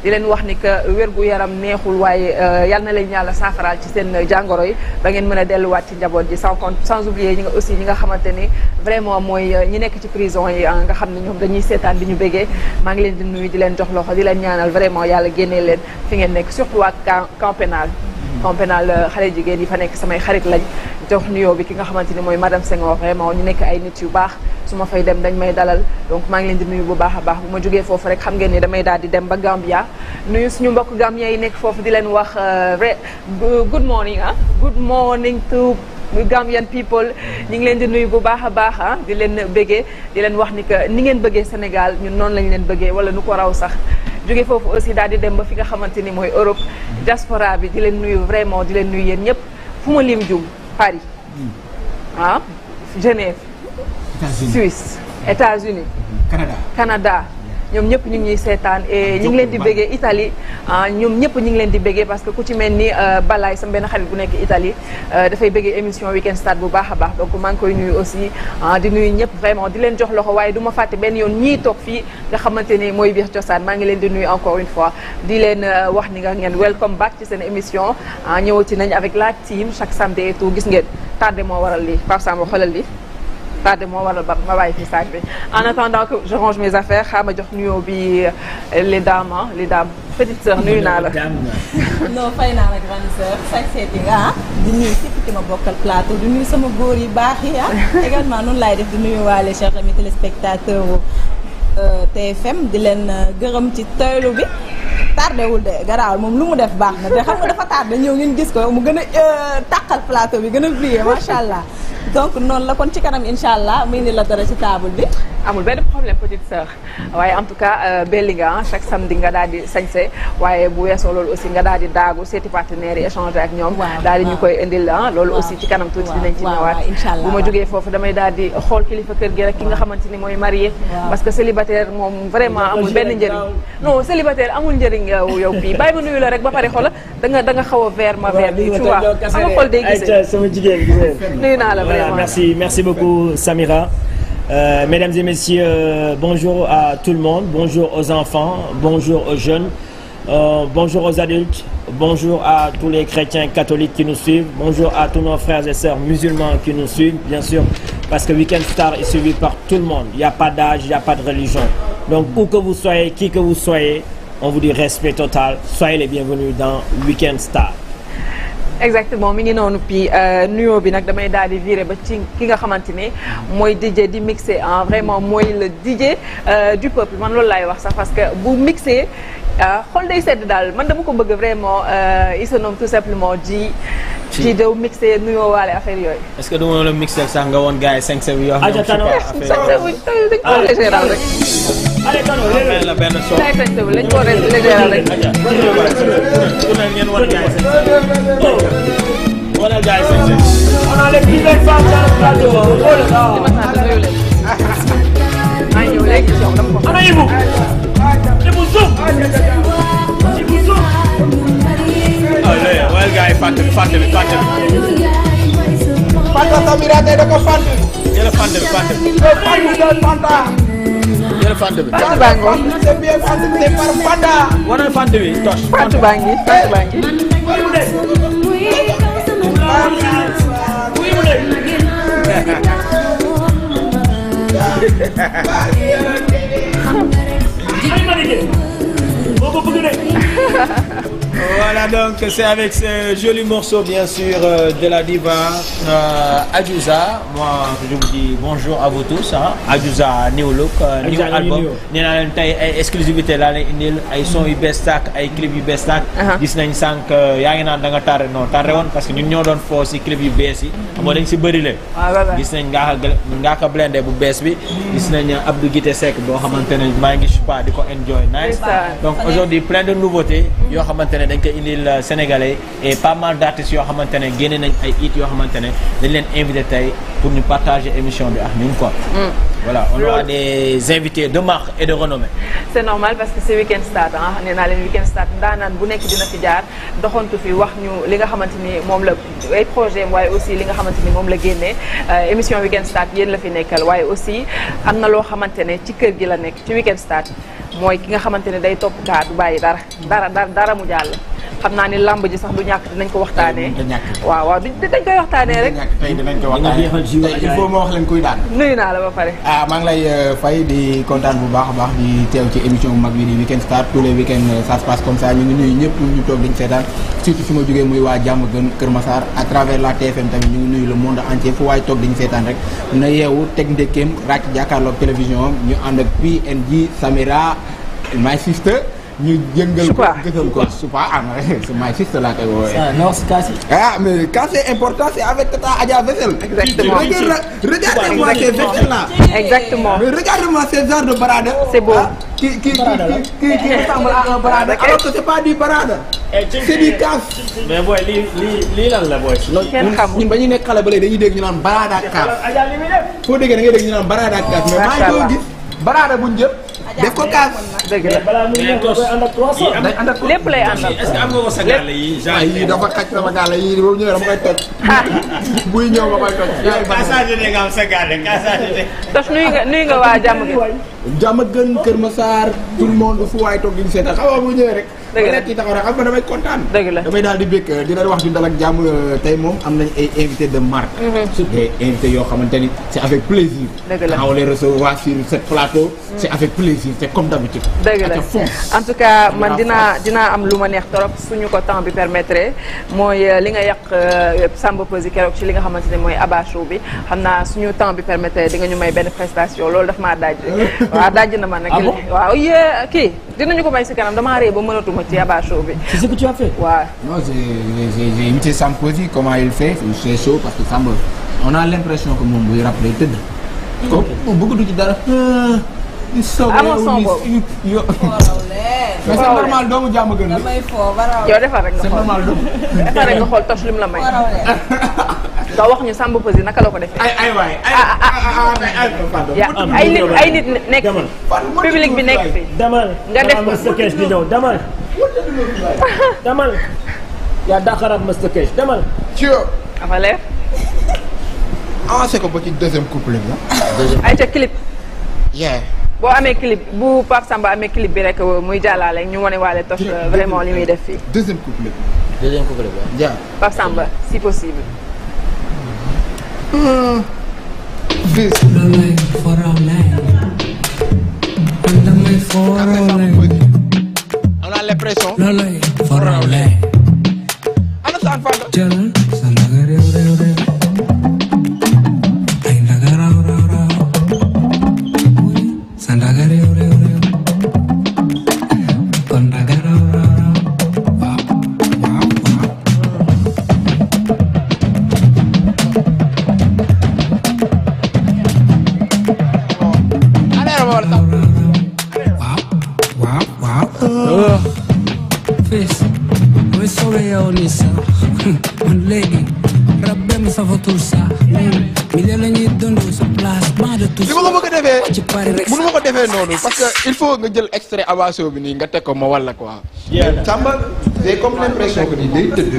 di leen wax ni que wérgu yaram neexul waaye euh, yal na leen yàlla saafaraal ci seen jàngoro yi ba ngeen mën a delluwaat ci njaboot ji sans compte sans oublier ñi nga aussi ñi nga xamante ni vraiment mooy euh, ñi nekk ci prison yi ah, nga xam ne ñoom dañuy seetaan di ñu bégee maa ngi leen di nuyu di leen jox loxo di leen ñaanal vraiment yàlla génnee leen fi ngeen nekk surtout waa camp pénal camp pénal xale jigéen yi fa nekk samay xarit lañ jox nuyoo bi ki nga xamante ni mooy madame Senghor vraiment ñu nekk ay nit yu baax su ma fay dem dañ may dalal donc maa ngi leen di nuyu bu baax a baax bu ma jógee foofu rek xam ngeen ni damay daal di dem ba Gambia nuyu suñu mbokk Gambien yi nekk foofu di leen wax euh, good morning ah good morning to muy Gambian people ñu ngi leen di nuyu bu baax a baax a ah, di leen bëggee di leen wax ni que ni ngeen bëggee Sénégal ñun noonu lañ leen bëggee wala nu ko raw sax jóge foofu aussi daal di dem ba fi nga xamante ni mooy Europe diaspora bi di leen nuyu vraiment di leen nuyu yéen ñëpp fu ma lim jum Paris hmm. ah Genève Suisse États-Unis Canada ñoom ñëpp ñu ngi ñuy seetaan ñu ngi leen di béggee Italie ah, ñoom ñëpp ñu ngi leen di béggee parce que ku ci mel ni euh, Balaay sama benn xarit bu nekk Italie euh, dafay béggee émission Weekend Start bu baax a baax donc maa ngi koy nuyu aussi ah, di nuyu ñëpp vraiment di leen jox loxo waaye duma ma fàtte benn yoon ñii toog fii nga xamante ni mooy biir cosaan maa ngi leen di nuyu encore une fois di leen euh, wax ni nga ngeen welcome back ci seen émission ah, ñëwati nañ avec la team chaque samedi et tout gis ngeen tardé moo waral lii Pape Samb xoolal lii tardé moo waral ba ma bàyyi message bi en attendant je range mes affaires xaaral ma jox nuyoo bi euh, les dames les dames petite nuyu naa la. non fay naa la grande sœur sax seeti ah. di nuyu képp ki ma bokkal plateau di nuyu sama góor yi baax yi ah. également noonu laay def di nuyu waale chers amis téléspectateurs Euh, TFM di leen euh, gërëm ci taylu bi tardewul de garaawal moom lu mu def baax na te xam nga dafa tardé ñëw ngeen gis ko mu gën a euh, tàqal plateau bi gën a plié macha allah donc noonu la kon ci kanam incha allah muy ni la dara ci table bi. amul benn problème petite sœur waaye en tout cas belli nga chaque samedi nga daal di sañse waaye bu weesoo loolu aussi nga daal di daagu seeti partenaires yi échanger ak ñoom. daal di ñu koy indil loolu aussi ci kanam tuuti dinañ ci ñëwaat. ma jógee foofu damay daal di xool kilifa kër gi rek ki nga xamante ni mooy marié célibataire moom vraiment amul benn njëriñ non célibataire amul njëriñ yow yow kii bàyyi ma nuyu la rek ba pare xoola da nga da nga xaw a vert ma vert bi tu vois sama xol day gisee sama jigéen nuyu naa la vraiment merci merci beaucoup Samira euh, mesdames et messieurs euh, bonjour à tout le monde bonjour aux enfants bonjour aux jeunes Euh, bonjour aux adultes, bonjour à tous les chrétiens catholiques qui nous suivent, bonjour à tous nos frères et sœurs musulmans qui nous suivent, parce que Weekend Star est suivi par tout le monde. Il n'y a pas d'âge, il n'y a pas de religion. Donc, où que vous soyez, qui que vous soyez, on vous dit respect total. Soyez les bienvenus dans Weekend Star. exactement mi ngi noonu puis euh, nuyoo bi nag damay daal di virer ba ci ki nga xamante ne mooy DJ di mixé en vraiment mooy le DJ euh, du peuple man loolu laay wax sax parce que bu mixé xool day sedd daal man dama ko bëgg vraiment il se nomme tout simplement ji. ci daw mixé nuyoo waale affaire yooyu. est ce que du ma la mixé sax nga woon gars yi 5 7 yoo xam ne. affaire waaye gars yi fàtte bi fàtte bi fàtte bi. Fanta Samira tey da ko fàtte. jël fàtte bi fàtte bi. jël Fanta. jël fàtte bi. fàtte baa ngi. c'est bien fàtte bi c'est par Fanta. wane fàtte bi tos. fàtte baa ngi fàtte baa ngi. buy mu de. ko bëgg de Voilà donc c'est avec ce joli morceau bien sûr euh, de la diva euh, Adiouza moi je vous dis bonjour à vous tous ah Adiouza new look uh, new album nee naa leen ay exclusivité laa leen indil ay son yu bees tàkk ay clip yu bees tàkk gis nañ sànq euh, yaa ngi naan da nga tardé non tardé woon parce que ñun ñoo doon foo si clip yu bees yi amoo dañ si bëri leen ah, gis nañ ngaa ngaa ko blendé bu bees bi gis nañ euh, ab Guité Seck boo xamante ne maa ngi pa di ko enjoy nice donc aujourd'hui plein de nouveautés mm-hmm. yoo xamante ne dañ ko indil euh, sénégalais et pas mal d' artistes yoo xamante ne génne nañ ay it yoo xamante ne dañ leen invité tey pour ñu partager émission bi ak ñun quoi. Mm. voilà on aura des de marque et de renommée. normal parce que c'est Weekend Stars ah naa leen Weekend Stars ndaanaan bu nekk dina fi jaar doxantu fi wax ñu li nga xamante ni moom la ay projet waaye aussi li nga xamante ni moom la génnee euh, émission Weekend Stars yéen la fi nekkal waaye aussi am na loo xamante ne ci kër gi la nekk ci Weekend Stars mooy ki nga xamante ne day topp kaa du bàyyi dara dara dara mu jàll. xam naa ni làmb ji sax du ñàkk dinañ ko waxtaanee. waaw waaw dañ koy waxtaanee rek. koy waxtaanee il ah maa ngi lay euh, fay di kontaan bu baax a baax di teew ci émission bu mag bi di Weekend Stars tous les week-ends euh, ça comme ça ñu ngi nuyu ñëpp ñu toog dañ seetaan surtout fi ma jógee muy waa jàmm gën Kër Massar à travers la TFM tamit ñu ngi nuyu le monde entier fu waaye toog dañu seetaan rek na yeewu teg ndékkeem ràcc jàkkaarloog télévision am ñu ànd ak PNG Samira my sister ñu jëngal ko gësal ko supa am ah, eh, c'est my sister laa koy woowee ah mais quand c'est important c'est avec tata Adja Vessel exactement regardez-moi ces Vessel là exactement mais regardez-moi ces genres de barada c'est beau ah, qui qui qui qui ressemble à un barada alors que c'est pas du barada eh, c'est du kaaf mais booy lii lii lii lan la booy ñun ba ñu nekk xale ba léegi dañuy dégg ñu naan barada ak kaaf foo déggee da ngay dégg ñu naan barada ak kaaf mais maa ngi gis barada buñ jëpp def ko kaaf dëgg la balaa muy ñëw da koy ànd ak 300. day ànd ak lépp lay àndal est-ce que dafa xaj sama gàll yi boobu ñëwee dama koy toj. buy ñëw ma koy toj. yow Kaasane de gën. jàmm gën Kër Massar tout le fu waay toog di seetaan xaw ma bu ñëwee rek. dëgg la nekk di békk euh, euh, am nañ ay invité de marque. Mm-hmm. des invités yoo xamante ni c'est avec plaisir. Mm. lu ma neex trop suñu ko temps bi permettre mooy euh, li nga yàq Samba Peuzzi keroog ci li nga xamante ne mooy Abba Show bi xam naa suñu temps bi permettre di nga ñu may benn prestation loolu daf maa daaj. waaw daaj na ma nag. Ah waaw yee kii dinañu ko may si kanam damaa rëy ba mënatuma me tient pas chaud. C'est ce que Non, j'ai imité Sam Cozy, il fait. C'est chaud parce que Sam, on a l'impression que moom buy rap lay tëdd. comme moom bëggatu di soog a yow di yo. Oh, mais c'est normal doomu jàmm gën. damay foo yow defal rek nga xool defal rek nga xool tos lim la nga wax ñu Samba Peuzzi naka la ko defee. ay ay waay ay ay nit ay nekk public bi nekk fi. demal nga def ko Mr Cash di ñëw demal. demal. yaa dàqaraat demal. ci yow. dafa leer. avancé ko ba ci deuxième couple bi. ay ca clip. boo amee clip bu Pape Samba amee clip bi rek muy jàllale ñu wane waale Toch vraiment li muy def fii. deuxième couple bi. Samba si possible. This. The life for our life. And the life for our life. Dale preso. The life for our life. Jalan, sandaga, re, re, re. bi sax man léegi rab dem safatul sax mi de tout li ma a defee ci Paris rek mënu ma nga jël extrait avancé bi nii nga teg ko ma walla quoi Samba c'est comme l'impression que ni day tëdd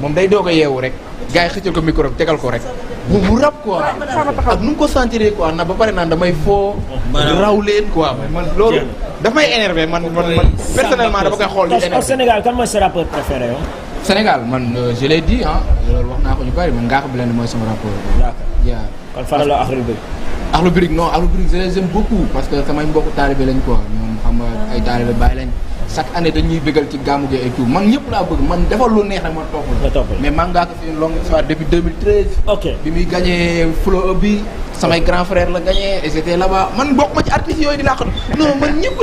moom day doog a yeewu rek gars yi xëccal ko micro bi tegal ko rek bu bu rab quoi ak nu mu ko sentiree quoi na ba pare naan damay foo raw leen quoi man loolu daf man man man dafa koy xool. au Sénégal man euh, je l'ai dit ah loolu wax naa ko ñu bari man Ngaka Blindé mooy sama rapport. d'accord kon fan la Akhlou Brick. Akhlou Brick non Akhlou Brick je les aime beaucoup parce que samay mbokku taalibe lañ quoi ñoom xam nga ay taalibe bàyyi lañ. chaque année dañuy bégal ci gàmmu gi et man ñëpp laa bëgg man defal lu neex rek man topp mais man ngaa ko fi une longue histoire depuis 2013. ok bi muy gagné flow up bi samay grand frère la gagné et c'était man bokk ma ci artistes yooyu di làqatu non man ñëpp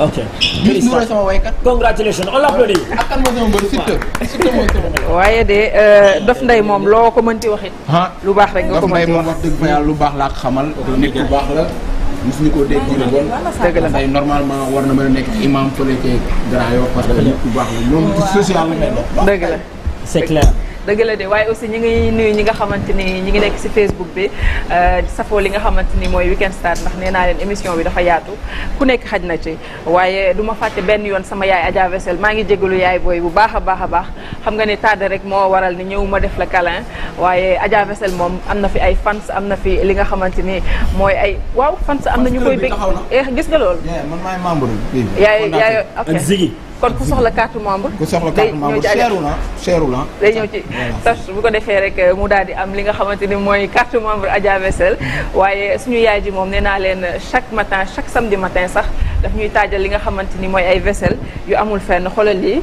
ok. Liss Ndour sama waykat. congratulations on l'applaudit. Ah, ak kan mooy sama mbër Siteu. Siteu mooy waaye de euh, Dof Ndeye moom loo ko mënti waxit ah. lu baax rek nga ko mënti wax wax dëgg fa lu baax la ak xamal. nit ku baax la. mosu ñu ko dégg ñu ne bon. dëgg la tey normalement war na mën a nekk imam fële ca Grand Yoff parce que baax la ñoom social la ngay dox. dëgg la dëgg la de waaye aussi ñi ngi nuyu ñi nga xamante ni ñi ngi nekk si Facebook bi euh, safoo li nga xamante ni mooy Weekend Stars ndax nee naa leen émission bi dafa yaatu ku nekk xaj na ci waaye duma ma benn yoon sama yaay Adja Vessel maa ngi jégalu yaay booy bu baax a baax a baax xam nga ni tardé rek moo waral ni ñëw ma def la câlin waaye ajaa Vessel moom am na fi ay fans am na fi li nga xamante ni mooy ay waaw fans am na ñu koy bëgg eh, gis nga loolu yaay yaay ok kon ku soxla carte membre. ku soxla carte membre seeru na seeru na. day ñëw ci tas bu ko defee rek eh, mu daal di am li nga xamante ni mooy carte membre Adja Wessel waaye suñu yaay ji moom nee naa leen eh, chaque matin chaque samedi matin sax daf ñuy taajal li nga xamante ni mooy ay vaisselle yu amul fenn xoolal lii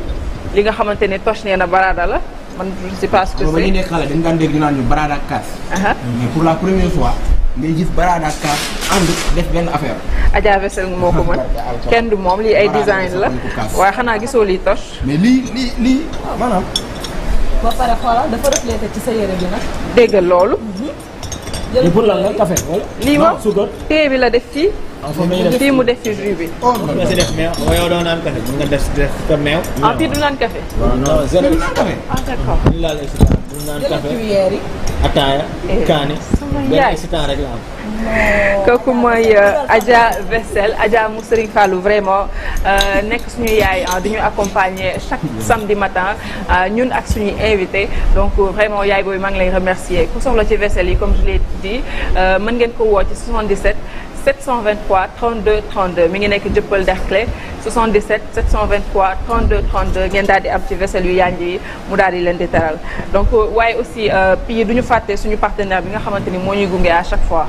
li nga xamante ni Toch nee na baraada la. man je ne sais pas ce que c'est. ba ñu nekk xale dañu daan dégg ñu naan ñu baraada ak kaas. mais pour la fois. ngay gis baraana kaas ànd def benn affaire. Adja Wessel moo ko mën kenn du moom lii ay design la waaye xanaa gisoo lii toch. mais lii lii lii maanaam. ba pare xoolal dafa reflété ci sa yére bi nag. dégg loolu. jël mhm. pour lan la café wala. lii moom suukar téye bi la def ci. en foofu def fii mu def ci riz bi. oh nga si def meew waaye yow doo naan café mun nga def def ko meew. ah du naan café. waaw ñu laal excitant du naan café ataaya eh, kaani. benn excitant rek la euh, vraiment euh, nekk suñu yaay di ñu accompagner chaque samedi matin euh, ñun ak suñuy invité donc vraiment yaay boobu maa ngi lay remercier ku soxla ci vaisselle yi comme je l'ai dit mën ngeen ko woo ci 77. 723 32 32 mi ngi nekk jëppal Derklé 77 723 32 32 ngeen daal di am ci vaisselle yu yànj yi mu daal di leen di teral donc euh, waaye aussi euh, pii du ñu fàtte suñu partenaire bi nga xamante ni moo ñuy gunge à chaque fois.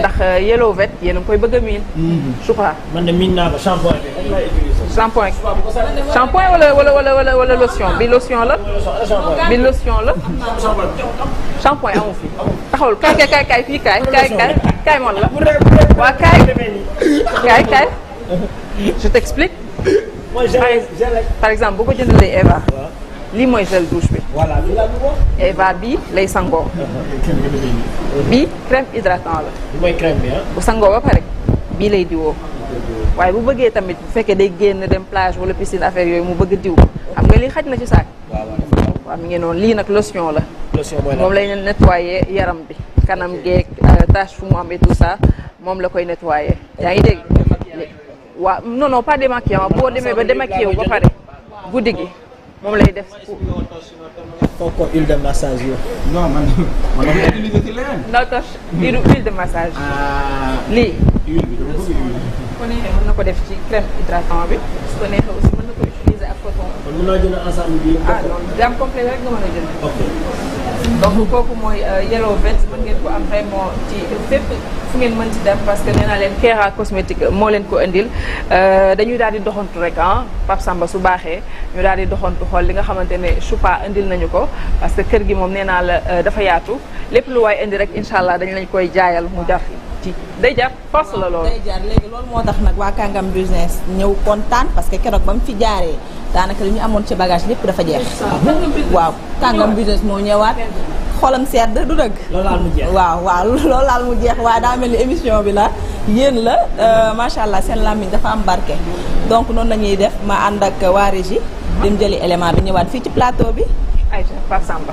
ndax euh, Yellow Vet yéen koy bëgg a miin. Mm-hmm. je crois. man de miin naa shampoing shampoing wala wala wala wala wala lotion bi lotion la. bi lotion la. shampoing amu fi. taxawul kaay kaay kaay kaay fii kaay. kaay kaay kaay moon la. waa kaay kaay kaay. je t'explique. par exemple bu ko jëndalee Eva. lii mooy gel douche bi. voilà Eva bii lay sangoo. bii crème hydratant la. bu sangoo ba pare bii lay diwoo. waaye bu bëggee tamit bu fekkee day génn dem plage wala piscine affaire yooyu mu bëgg diw xam nga lii xaj na ci saak. waaw mi ngi noonu lii nag lotion la. lotion mooy moom lay nettoyer yaram bi kanam geeg tâche fu mu am et tout ça moom la koy nettoyer yaa ngi dégg. waaw non non pas démaquillant boo demee ba démaquillé wu ba pare guddi gi moom lay def. kooku huile de massage yooyu. non man man dama utiliser ci leneen. huile de massage. lii. ko neexee na ko def ci crème bi su ko neexee aussi ak coton. kon mën naa jënd ah, a jënd. ok kooku mooy euh, yellow vest mën ngeen ko am vraiment ci fépp ngeen mën ci dem parce que nee leen Kera cosmétique moo leen ko indil euh, dañuy daal di doxantu rek ah Pape Samba su baaxee ñu daal di doxantu xool li nga xamante ne Choupa indil nañu ko parce que kër gi moom nee naa la euh, dafa yaatu lépp lu waay indi rek incha allah dañu lañ koy jaayal mu dar ci day jar force la loolu. day jar léegi loolu moo tax nag waa Kàngam business ñëw kontaan parce que keroog ba mu fi jaaree daanaka li ñu amoon ci bagage lépp dafa jeex. waaw Kàngam business moo ñëwaat. xolam sedd du dëgg. loolu laal mu jeex waaw waaw loolu laal mu jeex waa daa mel ni émission bi la yéen la euh, macha allah seen làmmiñ dafa am barke. donc noonu la ñuy def ma ànd ak waa régie dem jëli élément bi ñëwaat fii ci plateau bi. ayca Pape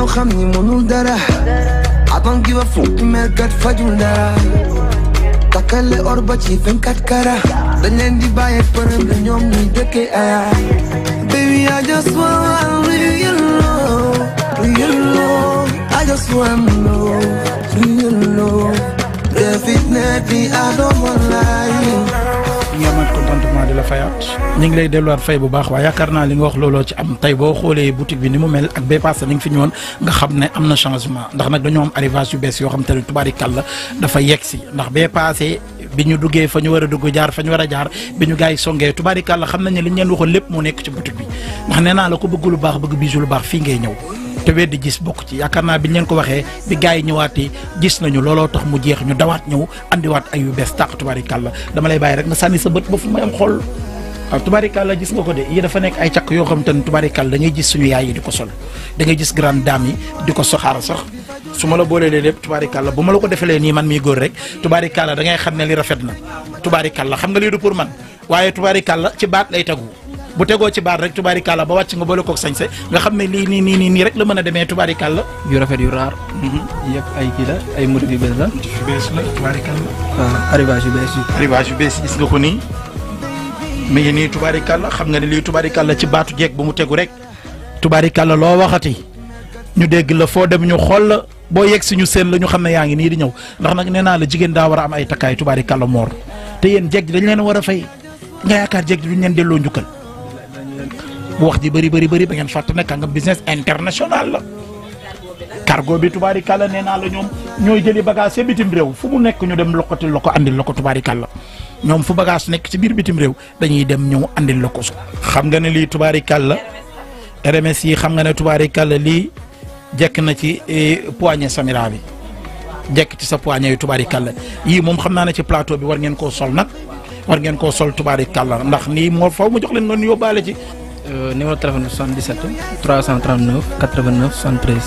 yow xam ni mënul dara avant gi ba fukki mer gat fajul dara takkale or ba ci 24 kara dañ leen di bàyyi përëm lu ñoom ñuy dëkkee aya baby I just want real love real love I just want love real love def it net bi I don't want lie la fayaat ñu ngi lay delluwaat fay bu baax waaye yaakaar naa li nga wax looloo ci am tey boo xoolee boutique bi ni mu mel ak bee passé ni nga fi ñëwoon nga xam ne am na changement ndax nag dañoo am arrivage yu bees yoo xam te ne tubaarikàlla dafa yegg ndax bee passé bi ñu duggee fa ñu war a dugg jaar fa ñu war a jaar bi ñu gars yi songee tubaarikàlla xam nañ ne li ñu leen waxoon lépp moo nekk ci boutique bi ndax nee naa la ko bëgg lu baax bëgg bisu lu baax fii ngay ñëw te weddi gis bokk ci yaakaar naa bi ñu ko waxee bi gars yi ñëwaatee gis nañu looloo tax mu jeex ñu dawaat ñëw andiwaat ay yu bees tàq tubaari tubaarikàlla dama lay bàyyi rek nga sànni sa bët ba fu may am xool waaw la gis nga ko de yii dafa nekk ay càq yoo xam te ne tubaarikàlla da gis suñu yaay yi di ko sol da gis grande dame yi di ko soxaar sax su ma la booleelee lépp tubaarikàlla bu ma la ko defalee nii man mii góor rek tubaarikàlla da ngay xam ne li rafet na tubaarikàlla xam nga lii du pour man waaye tubaarikàlla ci baat lay tagu bu tegoo ci baat rek tubaarikàlla ba wàcc nga boole koog sañse nga xam ne lii nii nii nii rek la mën a demee tubaarikàlla. yu rafet yu raar. Mhm. yëpp ay kii la ay motifs yu bees la. motifs yu bees la ah, yu bees yi. arrivage yu bees gis nga ko nii mi ngi nii tubaarikàlla xam nga ne lii tubaarikàlla ci baatu jeeg bu mu tegu rek tubaari tubaarikàlla loo waxati ñu dégg la foo dem ñu xool la boo yegg si ñu seen la ñu xam ne yaa ngi nii di ñëw ndax nag nee naa la jigéen daa war a am ay takkaay tubaari kàlla moor te yéen jeeg dañ leen war a fay nga yaakaar jeeg ji duñ leen delloo njukkal bu wax ji bëri bari bëri ba ngeen fàtte ne kàngam business international la. cargo bi tubaari kàlla nee naa la ñoom ñooy jëli bagage ci bitim réew fu mu nekk ñu dem lokkati la ko andil la ko tubaari kàlla ñoom fu bagage nekk ci biir bitim réew dañuy dem ñëw andil la ko su xam nga ne lii tubaari kàlla RMS yi xam nga ne tubaari kàlla lii jekk na ci e, poignée Samira bi jekk ci sa poignée yu tubaari kàlla yii moom xam naa ne ci plateau bi war ngeen koo sol nag war ngeen koo sol tubaari kàlla ndax nii moo faw mu jox leen noonu yóbbaale ci. Euh, numéro téléphone 77 339 89 73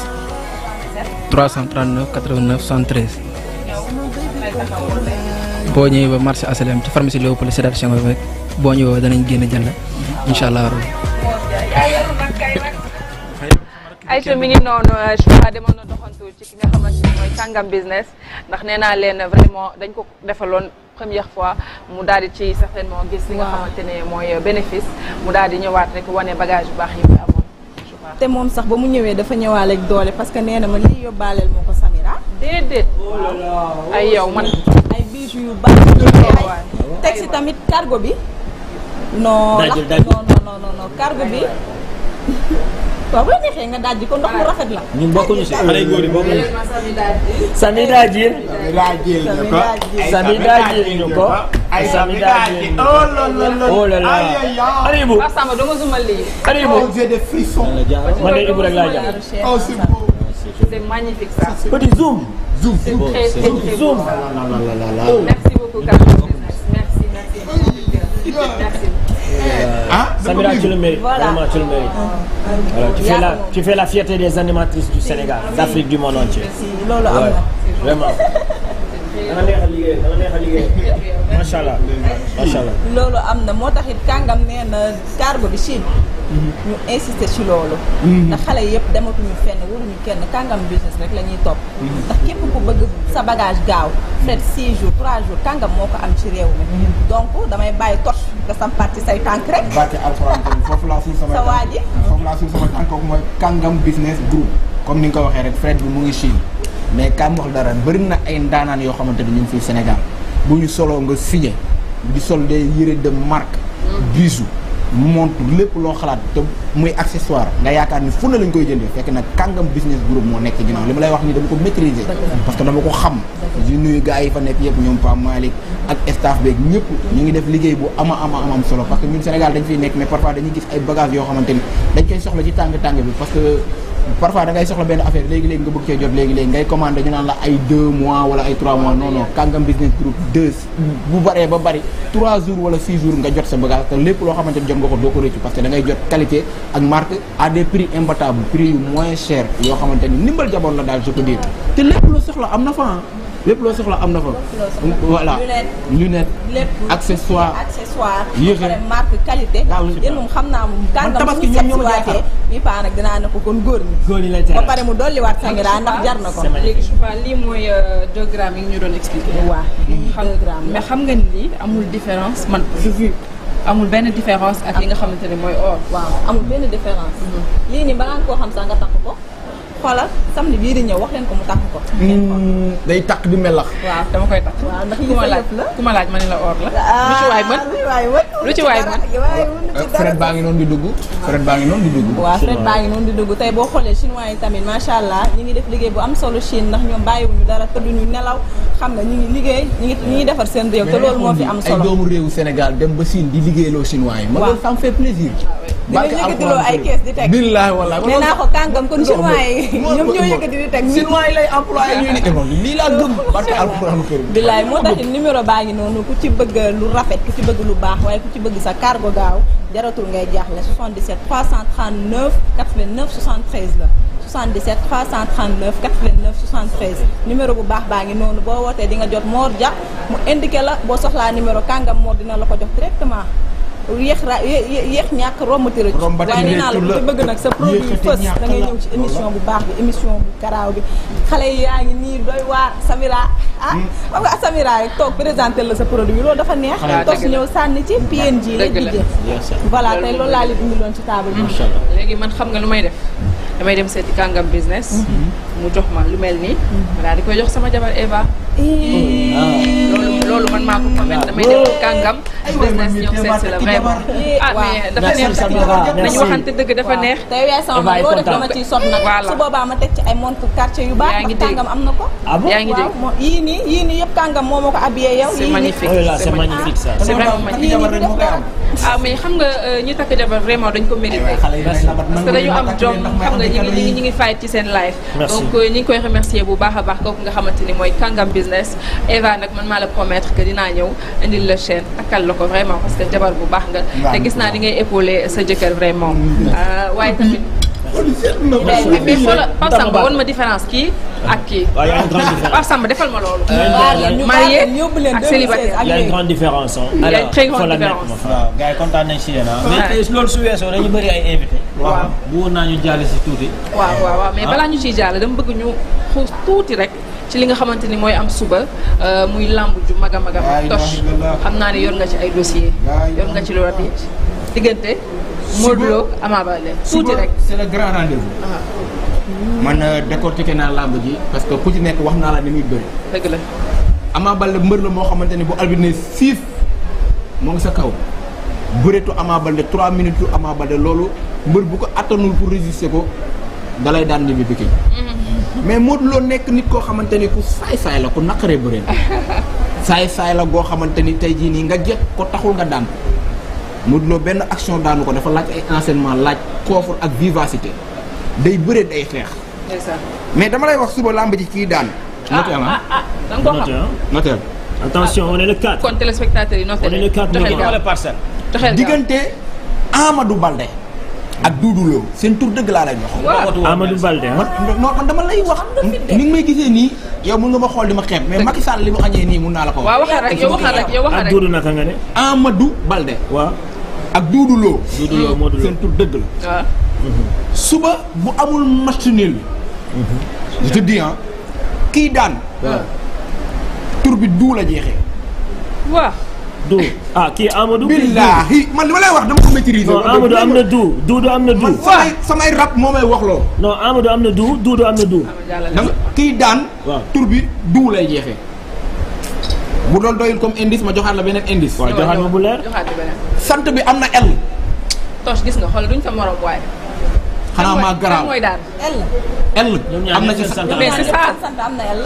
339 89 73. boo ñëwee ba marché HLM ci pharmacie Léopold Sédar Senghor rek boo ñëwee ba danañ génn jënd incha allah. ayca mi na euh, doxantu ci ki nga xamante ndax nee naa leen vraiment dañ ko defaloon première fois mu daal di ci certainement gis nga xamante ne mooy euh, bénéfice mu daal di ñëwaat rek wane bagage bu baax yi mu te moom sax ba mu ñëwee dafa ñëwaale ak doole parce que nee na ma lii yóbbaaleel moo ko Samira déedéet oh oh, ay yow man ay bijoux yu baax oh, teg si tamit cargo bi non non non cargo bi waaw boo neexee nga daaj ko ndox mu rafet la. ñun bokkuñu si xale góor yi bokkuñu. sami daajil. sami daajil ñu ko. ay sami daajil ñu ko. oh la la ana Ibou. Ibou. man de Ibou rek laa jàpp. Oh, c'est magnifique ça. petit zoom. zoom zoom. merci beaucoup Karol merci merci. Oh. Euh, ah Samira tu le mérites ah. vraiment tu le la tu fais la fierté des animatrices du Sénégal d'Afrique du monde entier. loolu am na allah macha allah. na moo taxit kàngam nee na cargo bi ñu insister ci loolu mhm. ndax xale yëpp dematuñu fenn waruñu kenn kàngam business rek la ñuy topp mhm. ndax képp ku bëgg sa bagage gaaw peut être six trois jours kàngam moo ko am ci réew mi mhm. donc damay bàyyi torche nga sampaat ci say tànk rek barke alxuraan foofu laa suñ sama sa waa ji foofu laa suñ sama tànk kooku mooy kàngam business group comme ni nga ko waxee rek Fred bi mu ngi Chine mais kam dara bëri na ay ndaanaan yoo xamante ni ñu ngi fii Sénégal bu ñu soloo nga signé di sol des yére de marque bisu montre lépp loo xalaat te muy accessoire nga yaakaar ni fu ne lañ koy jëndee fekk nag kàngam business group moo nekk ci ginnaaw li ma lay wax nii dama ko maîtriser parce que dama ko xam di nuyu gars yi fa nekk yëpp ñoom Pape Malick ak staff beeg ñëpp ñu ngi def liggéey bu ama ama ama am solo parce que ñun Sénégal dañ fiy nekk mais parfois dañuy gis ay bagages yoo xamante ni dañ koy soxla ci tàng tàng bi parce que parfois da ngay soxla benn affaire léegi-léegi nga bëgg cee jot léegi-léegi ngay commandé ñu naan la ay 2 mois wala ay 3 mois non kàngam business group 2 bu baree ba bari 3 jours wala 6 jours nga jot sa bagage te lépp loo xamante ni jot nga ko doo ko rëccu parce que da ngay jot qualité ak marque à prix imbattables prix yu moins cher yoo xamante ni ndimbal jaboon la daal je peux dire te lépp lu soxla am na fa lépp loo soxla am na fa. voilà lunette accessoire yéex a marque qualité. moom xam naa moom. man tabaski ñoom ñoo ma jaaxal bi paa nag dinaa ne ko kon góor ñi. góor ñi lay teel ba pare mu dolliwaat sangira ndax jar na ko. léegi lii mooy euh, diagramme yi ñu doon expliqué. waaw diagramme mais xam nga ni lii amul différence man je amul benn différence ak yi nga xamante ne mooy or. waaw amul benn différence. Mm-hmm. lii nii balaa koo xam sax nga takk ko. xoolal samedi bii di ñëw wax leen ko mu takk ko. Hmm, day takk di melax. dama koy takk. ku ma laaj ma ne la or la. Ah, lu ci waay mën lu ci waay mën. Eh, Fred baa ngi noonu di dugg. Fred baa ngi noonu di dugg. waaw Fred baa ngi noonu di dugg tey boo xoolee chinois yi tamit macha allah ñu ngi def liggéey bu am solo Chine ndax ñoom bàyyiwuñu dara tëdduñu nelaw xam nga ñu ngi liggéey ñu ngi ñu ngi defar seen réew. te loolu moo fi am solo ay doomu réewu Sénégal dem ba Chine di liggéeyloo loo yi. waaw ça me fait ñoom ñoo yëkkati di teg chinois yi lay employé ñu ni moom lii laa gëm parce que alxuraanu kër bilaay moo tax numéro baa ngi noonu ku ci bëgg lu rafet ku ci bëgg lu baax waaye ku ci bëgg sa cargo gaaw jaratul ngay jaaxle 77 339 89 73 la 77 339 89 73 numéro bu baax baa ngi noonu boo wootee di nga jot moor Dia mu indiqué la boo soxlaa numéro kàngam Mor dina la ko jox directement yéex ra yéex ñàkk rombati la ci waaye nee naa la ku ci bëgg nag sa produit da ngay ñëw ci émission bu baax bi émission bu karaaw bi xale yaa ngi nii doy waa Samira ah hmm. xam nga Samira rek toog présenté la sa produit loolu dafa neex toog ñëw sànni ci PNG la liggéey voilà tey loolu laa leen indi loon ci table bi léegi man xam nga lu may def damay dem seeti kàngam business hmm. mu jox ma lu mel nii voilà hmm. di koy jox sama jabar Eva loolu loolu man maa ko ah. damay Eh, ah, dañu waxante dëgg dafa neex te yaay sama man loo def dama ciy sob nag boobaa ma teg ci ay montre quartier yu baax ndax kàngam am ko ah yëpp kàngam moo ma xam nga euh, ñu takk jabar vraiment dañ ko mérité parce que xam nga ñi ni mooy kàngam business Eva nag man maa la promettre que dinaa ñëw indil la chaîne takkal la ko vraiment parce que jabar bu baax nga. te gis naa ni ngay épauler sa jëkkër vraiment. Mm-hmm. Euh, waaye tamit. mais xoolal ba Samba woon ma différence kii ak kii. waaw y' a une grande différence Pape Samba defal ma loolu. Euh, marié ak célibataire y' a une grande différence ah. alors xoolal nekk ma fa. waaw gars yi si yéen ah. mais loolu su weesoo dañu bëri ay invité. waaw bu woon naa ñu jàll si tuuti. waaw waaw mais ah. balaa ñu ciy jàll dama bëgg ñu xuus tuuti rek. ci li nga xamante ni mooy am suba euh, muy làmb ju mag a mag a toch xam naa ne yor nga ci ay dossier yor nga ci lu rafet diggante Modou Lo rek c'est grand rendez-vous ah. man euh, décortiqué naa làmb ji parce que ku ci nekk wax naa la ni muy bëri dëgg la Ama Baldé mbër la moo xamante ni bu albine siif moo ngi sa kaw bëreetu Ama Baldé trois minutes yu Ama Baldé loolu mbër bu ko attanul pour résister ko dalay daan ni bi bikkiñ mais Modou Lo nekk nit koo xamante ni ku saay-saay la ku naqaree bëre la saay-saay la goo xamante ni tey jii nii nga jëkk ko taxul nga daan Modou Lo benn action daanu ko dafa laaj ay enseignement laaj coffre ak vivacité day bëre day xeex. mais dama lay wax suba làmb ji kii daan. Ah, noté ah, ah da nga ko xam noté attention on est le 4. yi noté on est le 4 diggante Amadou Balde. ak Doudou seen tur dëgg laa lay wax. Amadou Balde ah. non man dama lay wax. ni nga may gisee nii. yow mën nga ma xool di ma xeeb mais Macky Sall li mu añee nii mun naa la ko. waaw waxal rek yow waxal rek yow waxal rek ak Doudou seen tur dëgg la. suba bu amul match nul. je te ah. daan. tur bi duu la jeexee. du ah kii Amadou. billaahi man li ma lay wax dama ko maîtriser. non Amadou am na du du. du am na du. donc kii daan. waaw tur bi du lay jeexee. bu doon doyul comme indice ma joxaat la beneen indice. waaw joxaat ma bu leer sant bi am na el. tos gis nga xool duñ fa morom waaye. xanaa maa garaaw L. am na ci sant mais c'est ça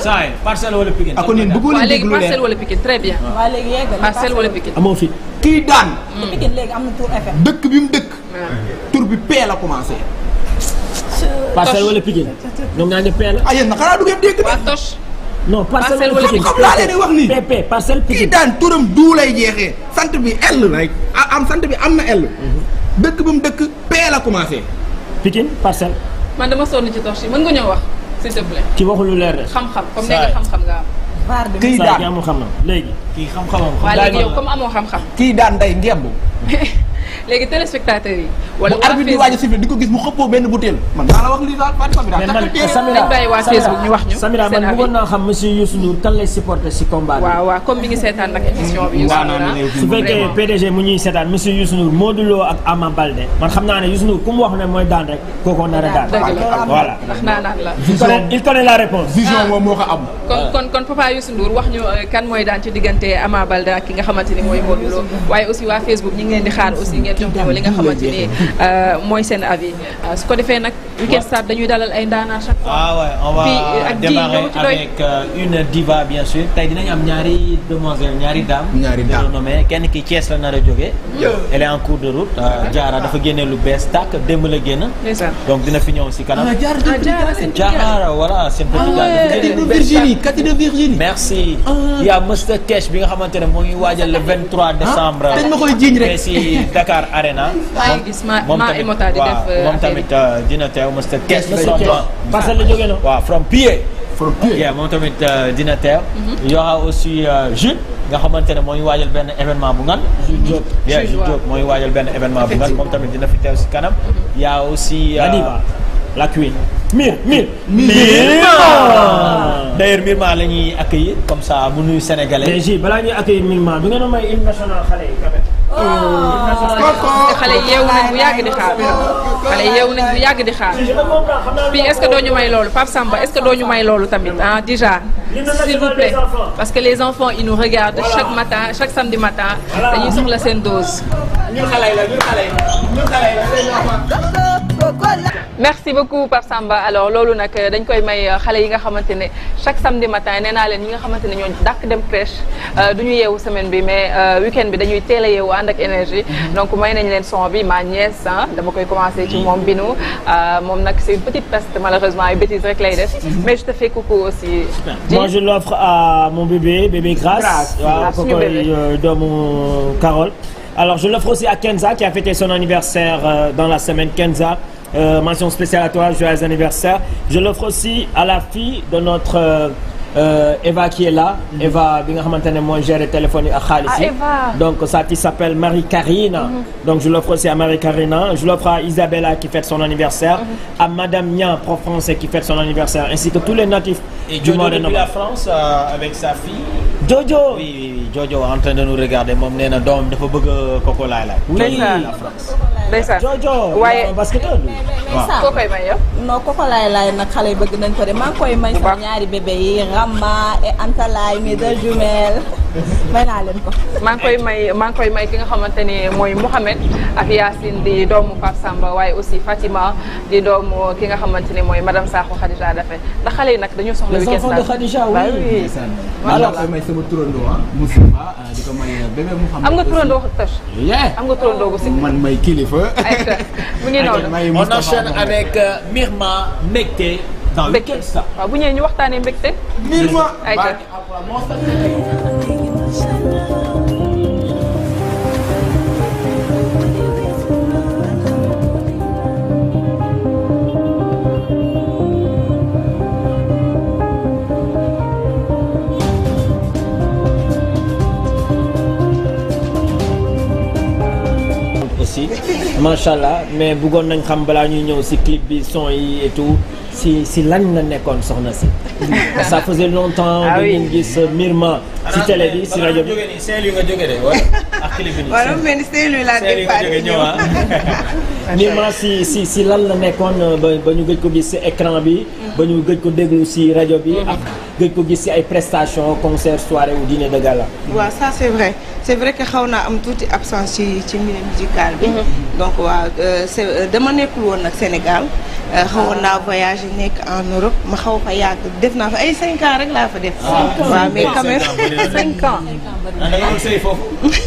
saa yi parcelle wala Pikine. ah kon yéen bëggoon nañu déglu leen parcelle wala Pikine très bien. waaw léegi yeggal parcelle wala Pikine. amoo fi kii daan. Pikine léegi am na tur FM. dëkk bi mu dëkk. tur bi P la commencé. parcelle wala Pikine. ñoom ñaa ngi P la. ah yéen nag xanaa du ngeen dégg. waaw tos. non parcelle wala Pikine xam laa leen di wax nii. PP parcelle Pikine kii daan turam du lay jeexee. sant bi L la am sant bi am na L. Mhm. dëkk bi mu dëkk P la commencé. Pikine parcelle. man dama sonn ci torche yi nga ñëw wax s'il te ci waxu lu leer rek. xam-xam comme nee nga xam-xam nga am. vaar de kii daan saa amul xam na léegi. kii xam-xamam. waaw léegi yow comme amoo xam-xam. kii daan day ngemb. léegi téléspectateurs yi. wala waa arbitre bi waaj a sifflé di ko gis mu xëppoo benn butéel. man maa la wax lii daal Fatou Samira. ñu wax ñu Samira man bëggoon naa xam seetaan nag émission bi. su fekkee PDG mu ñuy seetaan monsieur Youssou Ndour ak Ama Balde. man xam naa ne Youssou Ndour ku mu wax ne mooy daan rek kooku nar a daan. dëgg la voilà. il connaît la réponse. vision moom moo ko am. kon papa Youssou wax ñu euh, kan mooy daan ci diggante Ama Balde ak ki nga xamante ni mooy jox ñu li nga xamante ni euh, mooy euh, su ko defee nag Weekend dañuy dalal ay ndaanaan chaque fois ah ouais on euh, tey dinañ am ñaari demoiselles ñaari dames ñaari dames nommé kenn ki Thiès la nar a jógee elle en cours de route Diarra dafa génnee lu bees tàkk démb la génn donc dina fi ñëw si kanam ah, ah, Diarra voilà c'est ah Virginie Cathy de Virginie merci il y a Mr Cash bi nga xamante ne moo ngi waajal le 23 décembre dañ ma Arena. maa gis ma maa Emota di def moom tamit euh, dina teew monsieur Kees parce que la jógee na waaw from pied. from pied moom tamit euh, dina teew. Mhm. yoo xam aussi euh, Jules. nga xamante ne mooy waajal benn événement bu ngan. Jules Diop Jules Diop mooy waajal benn événement bu ngan moom tamit dina fi teew si kanam. Mhm. yaa aussi. la queen. Mir Mir. Mirma d'ailleurs Mirma la ñuy accueillir comme ça mu nuyu sénégalais. mais Gilles balaa ñuy accueillir Mirma bi nga doon may hymne national xale yi Oh. xale yeewu nañ bu yàgg di xaar xale yeewu nañ bu yàgg di xaar puis est-ce que doo ñu may loolu Pape Samba est-ce may loolu tamit ah, déjà s'il parce que les enfants ils nous regardent chaque matin chaque samedi matin dañuy soxla seen dose. ñun la ñun xale merci beaucoup Pape Samba alors loolu nag euh, dañ koy may euh, xale yi nga xamante ne chaque samedi matin nee naa leen ñi nga xamante ne ñoo dàkk dem crèche euh, du ñu yeewu semaine bi mais week-end bi dañuy teel a yeewu ànd ak énergie donc may nañ leen son bi ma nièce dama koy commencer ci moom binu moom nag c'est une petite peste malheureusement ay bêtises rek lay def mais je te fais coucou aussi. moi je l'offre à mon bébé bébé Grace. waaw ko koy doomu Carole. alors je l'offre aussi à Kenza qui a fêté son anniversaire dans la semaine Kenza. Euh, mention spéciale à toi, joyeux anniversaire. Je l'offre aussi à la fille de notre euh, euh Eva qui est là. Mm -hmm. Eva bi nga xamante ne mooy gérer téléphone yi ak xaalis ah, yi. donc ça qui s'appelle Marie Karina. Mm -hmm. donc je l'offre aussi à Marie Karina. je l'offre à Isabella qui fête son anniversaire. Mm -hmm. à Madame Nian, prof français qui fête son anniversaire ainsi que tous les natifs. Et du mois de novembre. Et depuis la France euh, avec sa fille. Jojo oui oui oui Jojo en de nous regarder moom nee na doomam dafa bëgg Coco Lay Lay. ndeysaan ndeysaan Jojo waaye basketteur bi waaw koo koy may nag xale yi bëgg nañ ko de maa ngi koy may. sama ñaari bébé yi Rama et Antalaay mes may naa leen ko. maa ngi koy may maa ngi koy may ki nga xamante ni mooy Mouhamed ak Yacine di doomu Pape Samba waaye aussi Fatima di doomu ki nga xamante ni mooy madame Sakho Khadija Dafe ndax xale yi nag dañoo soxla. week-end daal les enfants de Khadija oui. macha allah may sama turandoo ah Moustapha ah, di ko may euh, bébé Mouhamed. am nga turandoo toj. am nga turandoo gu si. man may kilifa. ayca mu ngi noonu may on enchaîne avec euh, Mirma Mbégte. dans le Kër Sa. waaw bu ñëwee ñu waxtaanee Mbégte. Mirma ayca. Thank you. réussi macha allah mais bëggoon nañ xam balaa ñuy ñëw si clip bi son yi et si si lan la nekkoon soxna si. ça faisait longtemps. ah oui gis euh, Mirma. si télé bi si rajo bi nga jógee de wala mel si si si lan la nekkoon euh, ba ñu gëj ko gis si écran bi. ba ñu gëj ko déglu si rajo bi. gëj ko gis ci ay prestations concert soirée ou dîner de gala. waaw ça c'est vrai c'est vrai que xaw naa am tuuti absence ci musical bi. Mhm. donc waaw euh, c'est euh, dama nekkul woon nag Sénégal. Euh, xawoon naa voyagé nekk en Europe ma xaw fa yàgg def naa fa ay 5 ans rek laa fa def. Ah, waaw mais quand même 5 ans. Ah,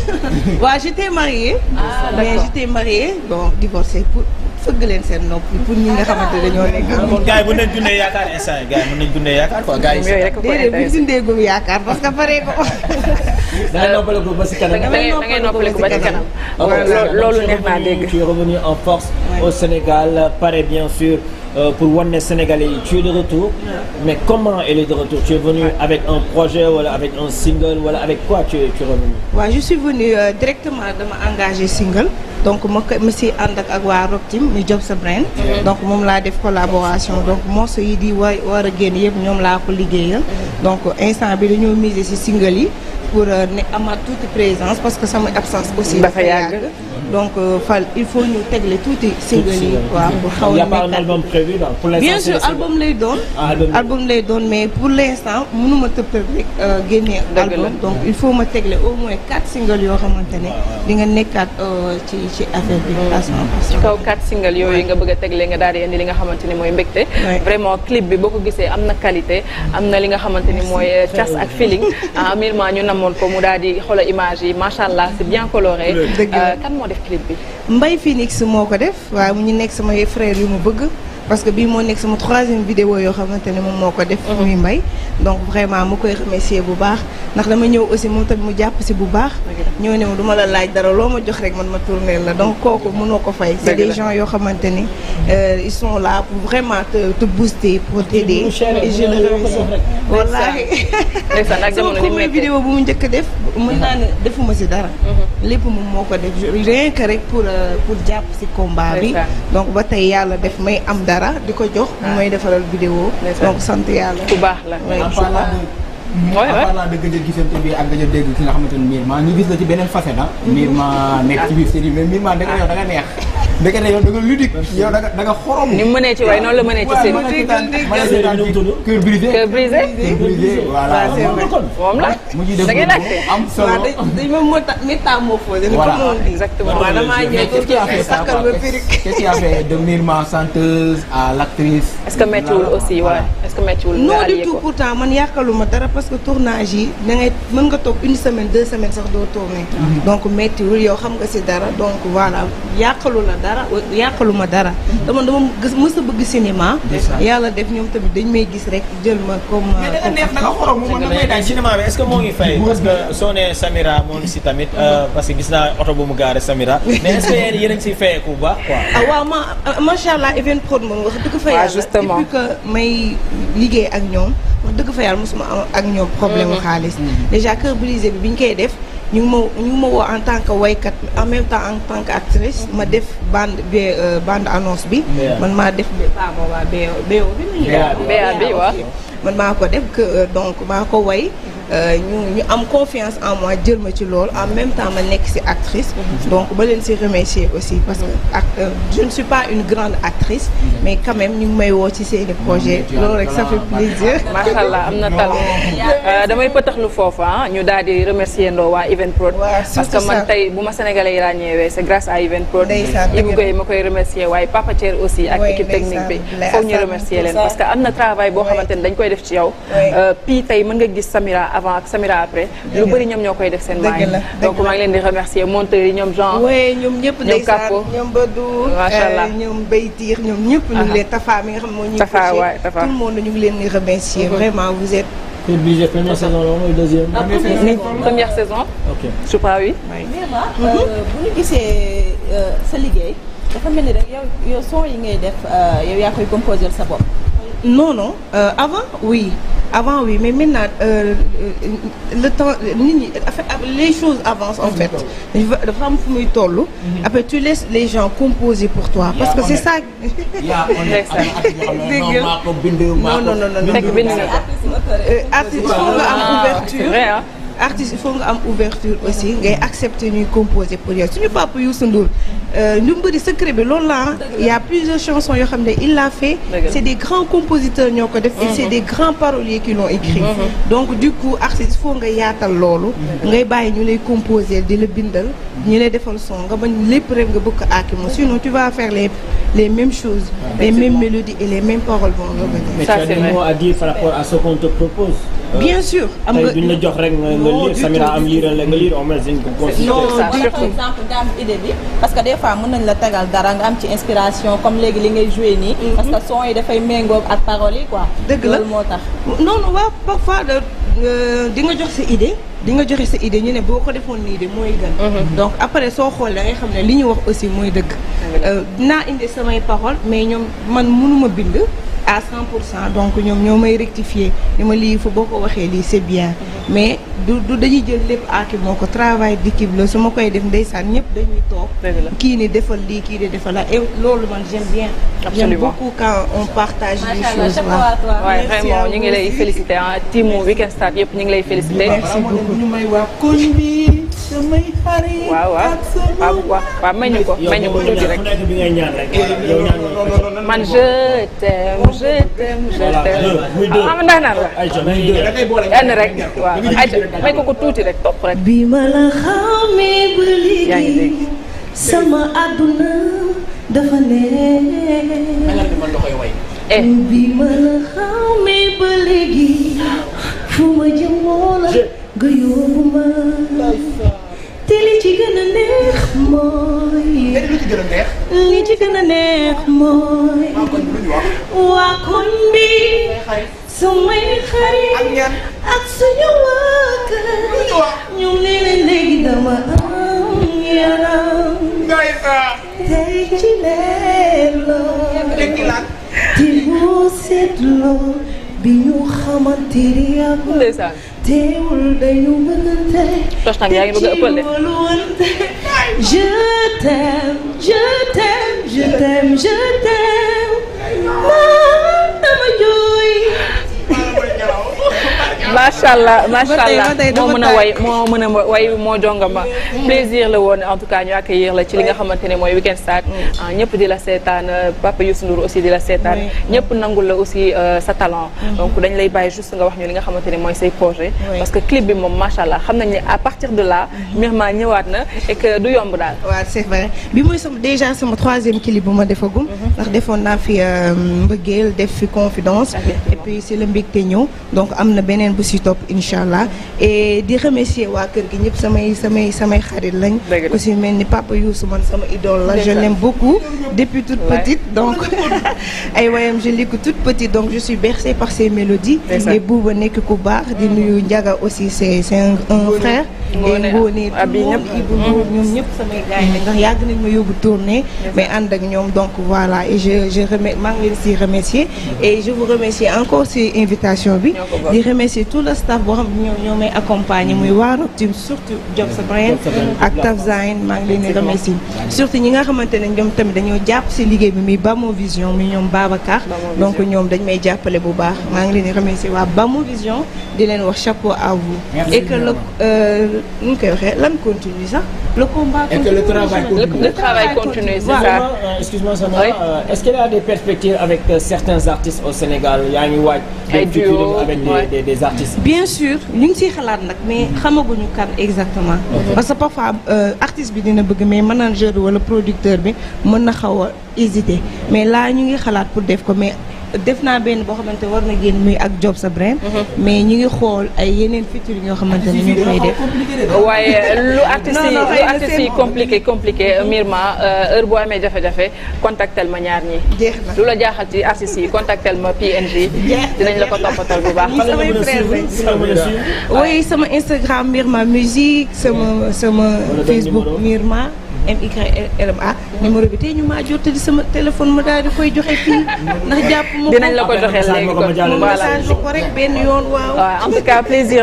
waaw j'étais mariée. Ah, mais j'étais mariée bon divorcée pour. fëgg leen seen nopp pour ñi nga xamante dañoo nekk. Ah, kon gars yi bu nañ dundee yaakaar instant yi gars yi mën nañ dundee yaakaar quoi gars yi. déedéet bu dundee gum yaakaar parce que paree ko. da ngay noppaleku ba si kanam da ngay noppaleku ba si kanam. loolu neex naa dégg. tu es revenu en force au Sénégal pare bien sûr. Euh, pour wan ne Sénégalais yi tu es de retour. Yeah. mais comment elle est de retour tu es venu ouais. avec un projet wala avec un single wala avec quoi tu es tu es revenu. waaw ouais, je suis venu euh, directement dama engagé single. donc ma ko ànd ak ak waa Rock Team ñu job sa brain donc moom laa def collaboration donc morceau yi di wa war a génn yëpp ñoom laa ko liggéeyal donc instant bi dañoo miser si single yi pour euh, ne amaat tuuti présence parce que sama absence aussi dafa yàgg donc euh, Fall il faut ñu tegle tuuti single yi waaw bu xaw a nekk album prévu pour l'instant bien sûr ah, album lay doon album lay doon mais pour l'instant mënuma tëb rek euh, génnee album donc il faut ma tegle au moins quatre singles yoo xamante ne di nga nekkaat euh, ci ci affaire bi à cent pour cent nga bëgg a nga daal di indi li nga xamante ni mooy mbégte vraiment clip bi boo ko gisee am na qualité am na li nga xamante ni mooy cas ak feeling ah mille mois ñu namoon ko mu daal di xoolal image yi macha allah c'est bien coloré kan def clip bi. Mbaye Phoenix moo ko def waaye mu ñu nekk sama frère yu ma bëgg. parce que bii moo nekk sama troisième vidéo yoo xamante ne moom moo ko def. Mhm. muy mbay donc vraiment mu koy remercier bu baax ndax dama ñëw aussi moom tamit mu jàpp si bu baax. ñëw ne du ma la laaj dara loo ma jox rek man ma tourné la donc kooku mënoo ko fay. c'est des gens yoo xamante ni euh, ils sont là pour vraiment te te booster pour t'aider. et je le remercie wallaahi. sama premier vidéo bu mu njëkk def. mën naa ne defuma si dara. Mhm. lépp moom moo ko def rien rek pour euh, pour jàpp si combat bi. donc ba tey yàlla def may am dara di ko jox. Ah. mooy defaral vidéo. donc sant yàlla. bu baax la macha allah mooy la voilà da gëj a gisante bi ak gëj a dégg ki nga xamante ni Mirma ñu gis la ci beneen facette ah. Mirma nekk ci biir série mais Mirma da nga yow da nga neex. da nga ne yow da nga ludique yow da nga da nga xorom. ni mu mënee ci waaye noonu la mënee ci série. cœur brisé cœur brisé. cœur brisé voilà moom la da ngeen ak am solo waaw dañ ma métamorphosé. voilà exactement waaw damaa ñëw pour que sakkal ma perruque. qu'est-ce qui a fait de Mirma chanteuse à l'actrice. est-ce que méttiwul aussi waaw est-ce que méttiwul. non du tout pourtant man yàqaluma dara parce que tournage yi da ngay mën nga toog une semaine deux semaines sax doo tourner mhm. donc méttiwul yow xam nga ci dara donc voilà yàqalu la dara yàqalu ma dara mhm. dama dama gis mës a bëgg cinéma yàlla def ñoom tamit dañ may gis rek jël ma comme mais da nga soo nee Samira moo ngi ci tamit euh, parce que gis naa oto bu mu gaare Samira mais est-ce que yéen a ah, waaw ma ah, macha allah Even moom wax dëgg fa yàlla ah, may liggéey ak ñoom dëgg fa yàlla mosuma am ak ñoom problème xaalis déjà cœur brisé bi bi ñu koy def ñu ma ñu ma woo en tant que waykat en même temps en tant que actrice ma def bande be bande annonce bi man maa def ba moom waa bo bo bi man maa ko def donc maa ko way Euh, ñu ñu am confiance en moi jël ma ci lool en même temps ma nekk ci actrice donc ba leen ci remercier aussi parce que ak euh, je ne suis pas une grande actrice mais quand même ñu ngi may woo ci seeni projet loolu rek ça fait plaisir macha allah am na talent euh, damay pëtaxlu foofu ah ñu daal di remercier ndoo waa Event Prod parce que man tey bu ma sénégalais yi ràññeewee c'est grâce à Event Prod Ibou Gueye ma koy remercier waaye Papa Thier aussi ak équipe technique bi foog ñu remercier leen parce que am na travail xamante ne dañ koy def ci yow avant ak Samira après lu bëri ñoom ñoo koy def seen maay donc maa ngi leen di remercier monteurs yi ñoom Jean ñoom ñëpp ñoom Kapo ñoom Badou macha allah eh, ñoom Baytiir ñoom ñëpp ñu ngi leen Tafa mi nga xam moo ñu Tafa waay Tafa ñu ngi leen di remercier mhm. vraiment vous êtes Et puis j'ai fait ma saison là mooy deuxième. ah première saison. ok je crois oui. Mhm. Euh, gisee euh, sa liggéey dafa mel ni rek yow yow son yi ngay def euh, yow yaa koy composer sa bopp. non non euh, avant oui avant oui mais maintenant euh, euh le temps nit ñi les choses avancent en fait dafa am fu muy toll mhm. après tu laisses les gens composer pour toi parce que c'est ça dégg non non non non euh, artiste il faut nga am ah, ouverture artiste il faut nga am ouverture aussi ngay accepter ñuy composer pour yow suñu papa Youssou Ndour ñu euh, mbëri secret bi loolu la il y a plusieurs chansons yoo xam ne il l'a fait c'est des grands compositeurs ñoo ko def et c'est mm-hmm. des grands paroliers qui l'ont écrit mm-hmm. donc du coup artiste il nga yaatal loolu mm-hmm. ngay bàyyi ñu lay composer di la bindal ñu lay defal son nga bañ lépp rek nga bëgg aaki mo sinon tu vas faire les les mêmes choses les mêmes mélodies et les bien sûr am nga duñ la jox rek nga lire Samira am liiral la nga lire au moins dañ ko non par exemple nga am idée bi parce que des fois mën nañ la tegal dara nga am ci inspiration comme léegi li ngay joué nii mhm. parce que son yi dafay méngoo ak paroles yi quoi dëgg la moo tax non non waaw parfois euh, di nga jox sa idée di nga joxe sa idée ñu ne boo ko defoon lii de mooy gën mhm. donc après soo xool da ngay xam ne li ñu wax aussi mooy dëgg euh, naa indi samay parole mais ñoom man mënuma bind à pour cent donc ñoom ñoo may rectifier ni ma lii fa boo ko waxee lii c'est bien mais du du dañuy jël lépp aaki moo ko travail d'équipe la su ma koy def ndeysaan ñëpp dañuy toog kii ni defal lii kii ni defal la et loolu man j'aime bien j'aime beaucoup quand on partage les choses waaw vraiment ñu ngi lay féliciter ah team Weekend Stars yëpp ñu ngi lay féliciter merci beaucoup ñu may waa koñ bi samay xarit waaw waaw waaw waaw mañu ko mañu ko tuuti rek man je t'aime je t'aime je t'aime am ah, ndax naan la benn rek waaw may ko ko tuuti rek topp rek bi ma la xamee ba léegi sama àdduna dafa neex eh. bi ma la xamee ba léegi fu ma jëmoo la nga yóbbu ma te li ci gën a neex mooy. li ci gën a neex. li ci gën a neex mooy. waa koñ bi. sumay xarit. ak suñu waa kër. ñu ne leen léegi dama am yaram. tey ci leer la. te bu seetloo bi ñu xamante ni teewul dañu bëggante. tos nag yaa ngi bëgg a ëppal de. je t'aime je t'aime je macha allah macha allah moo mën a way moo a way jongama mm-hmm. plaisir la woon en tout cas ñu accueillir la ci li nga xamante ne mooy Weekend Stars mm-hmm. ah, ñëpp di la seetaan euh, Papa Youssou Ndour aussi di la seetaan ñëpp nangul la aussi euh, sa talent mm-hmm. donc dañ lay bàyyi juste nga wax ñu li nga xamante ne mooy sa projet parce que clip bi moom macha allah xam nañ ne à partir de là Mirma ñëwaat na du yomb daal waaw bi mooy sama déjà sama troisième clip bu ma defagum ndax defoon naa fi euh, mbëggeel def fi si la mbégte ñëw donc si topp incha allah et di remercier waa kër gi ñëpp samay samay samay xarit lañ. ku si mel ni papa Youssou man sama idole la. je l'aime beaucoup depuis toute petite donc ay wayam je l'écoute toute petite donc je suis bercée par ses mélodies. et Bouba nekk ku baax di mm-hmm. nuyu Ndiaga aussi c'est c'est un frère. Ngoné Ngoné Abidou Ibou ñoom ñëpp yàgg nañ ma yóbbu tournée. mais ànd ak ñoom donc voilà et je je remercier et je vous remercie encore si invitation bi di remercier tout le staff ñoo may accompagner muy mm. waa Rock Team surtout mm. Job sa Brain ak Taf Zayn maa ngi leen di remercier surtout ñi nga xamante ne ñoom tamit dañoo jàpp si liggéey bi muy Bamo Vision mi ñoom Babacar donc ñoom dañ may jàppale bu baax maa ngi leen di remercier ba mu Vision di leen wax chapeau à vous et que la euh, koy waxee lan continue sax le combat continue. Et que le travail continue. Le, le travail continue, c'est ça. Euh, excuse-moi Sana, oui. euh, est-ce qu'il y a des perspectives avec euh, certains artistes au Sénégal yaa ngi waaj. ay duo avec ouais. des, des des artistes. bien sûr ñu ngi siy xalaat nag mais mm-hmm. xamaguñu kan exactement. Okay. parce que parfois euh, artiste bi dina bëgg mais manager wala producteur bi mën na xaw a hésiter mais là ñu ngi xalaat pour def ko mais. def naa benn boo xamante war na génn muy ak job sa brain mhm. mais ñu ngi xool ay yeneen feature yi ñoo xamante ne ñu ngi def waaye euh, lu artiste yi lu artiste yi compliqué compliqué euh, Myrma euh, boo amee jafe-jafe contactel ma ñaar ñi lu la jaaxal ci artiste yi contactel ma PNG dinañ la ko toppatoo bu baax sama Instagram Myrma musique sama sama Facebook Myrma MYLMA. numéro bi tey ñu sama téléphone ma daal di joxe ndax jàpp dinañ la ko joxe léegi kon message ko rek benn yoon waaw.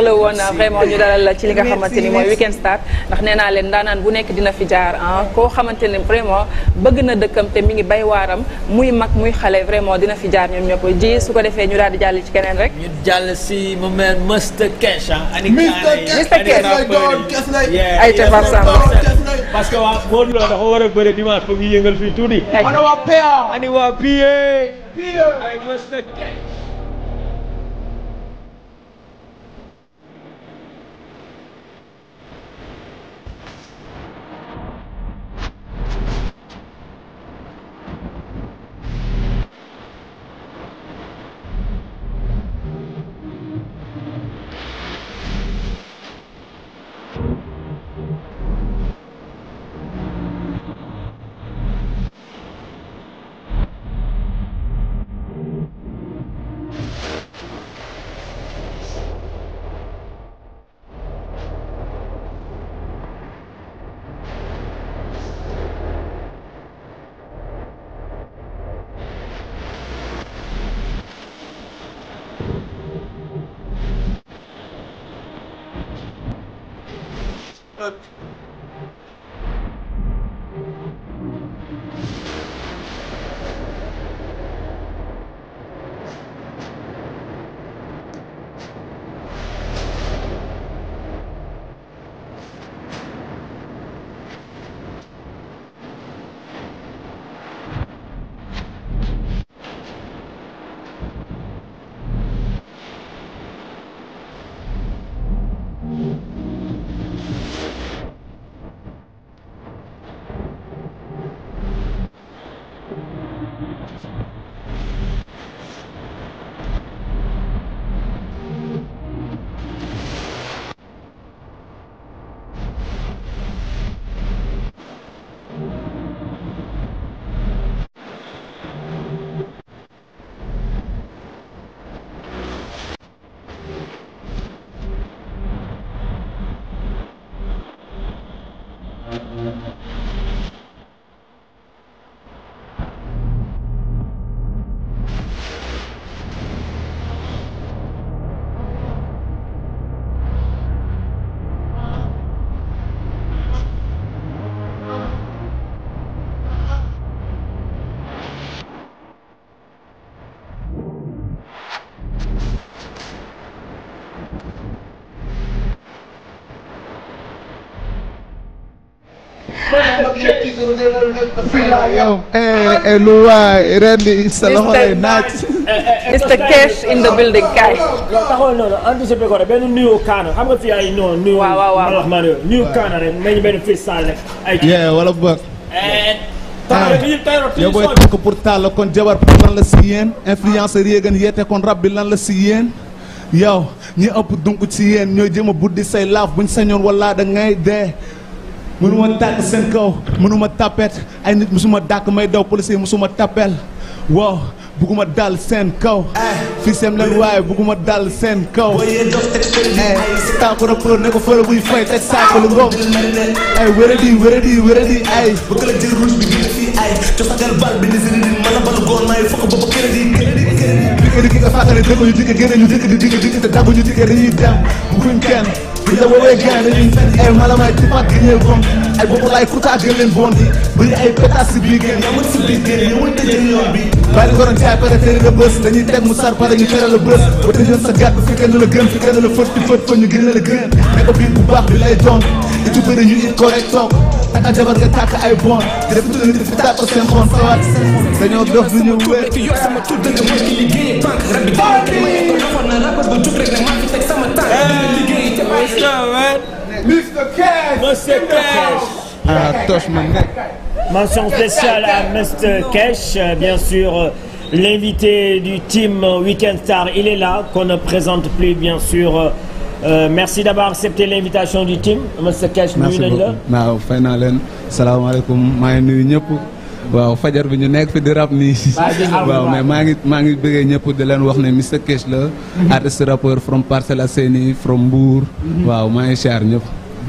la woon vraiment ñu dalal la ci li nga xamante ni mooy Weekend Stars ndax nee naa leen daanaan bu nekk dina fi jaar ah. koo xamante ne vraiment bëgg na dëkkam te mi ngi bay waaram muy mag muy xale vraiment dina fi jaar ñun ñëpp ji su ko defee ñu daal di jàll ci keneen rek. ñu jàll si mu mel Mr Cash ah. Mr Cash Mr Cash. ay parce que waa Modou Lo dafa war a bëre dimanche pour ñu yëngal fii tuuti. ani waa PA ani waa PA. PA ay mës nag. yow eh, lu waay ren di sa loxo lay naaj. Mr Cash in the building kaay. taxawal noonu anticipé ko rek benn nuyu kaana xam nga fii ay non nuyu. waaw waaw waaw man nuyu kaana rek nañu benn freestyle eh, ah. rek. ay wala boog. yow koy takk pour tàll kon jabar pour lan la si yéen influenceur yi ngeen yeete kon rab bi lan la si yéen. yow ñi ëpp dunk ci yéen ñooy jëm a buddi say laaf buñ sañoon wala da ngay dee. mënuma tàkk seen kaw mënuma tapet ay nit musuma dàkk may daw police yi musuma tapel waaw bugguma dal seen kaw eh, fii seen leen waaye bugguma dal seen kaw tànk eh, rappeur ne ko fële buy fay teg saako lu ngoom ay eh, wéradi wéradi wéradi ay dikkee di nga fàttali dëkk ñu dikkee génne ñu dikkee di dikkee dikkee te dàgg ñu dikkee dañuy dem bu kuñ kenn bu ñu la woowee gars dañuy ay malamay timat génneel bon ay boobu laay kutaa gën leen bon bi bëri ay pétas si biir génn yamul si biir génn yamul tëjee yoon bi bàyyi ko doon jaay pare tere la bës dañuy teg mu sar pare ñu tere la bës ba tëjoon sa gàtt fi kenn la gën fi kenn la fët di fët fa ñu génne la gën ne ko biir bu baax bi lay doon itu bëri ñu it correct toog takka jabar nga takk ay bon di def tudd di fi tàkk seen xon sawat dañoo dof lu ñu wér ki yor sama tur dëgg mooy ki liggéey banque rab ne maa fi ah, euh, bien sûr euh, l'invité du team Weekend Star il est là qu'on ne présente plus bien sûr euh, Euh, merci d'avoir accepté l'invitation du team monsieur Kesh nuyu nañ la waaw fay naa leen salaamaaleykum maa ngi nuyu ñëpp waaw fajar bi ñu nekk fi di rap nii waaw mais maa ngi maa ngi bëggee ñëpp di leen wax ne Mr Kesh la mhm. artiste rappeur from Parcelles Assainies from Mbour mhm. waaw maa ngi char ñëpp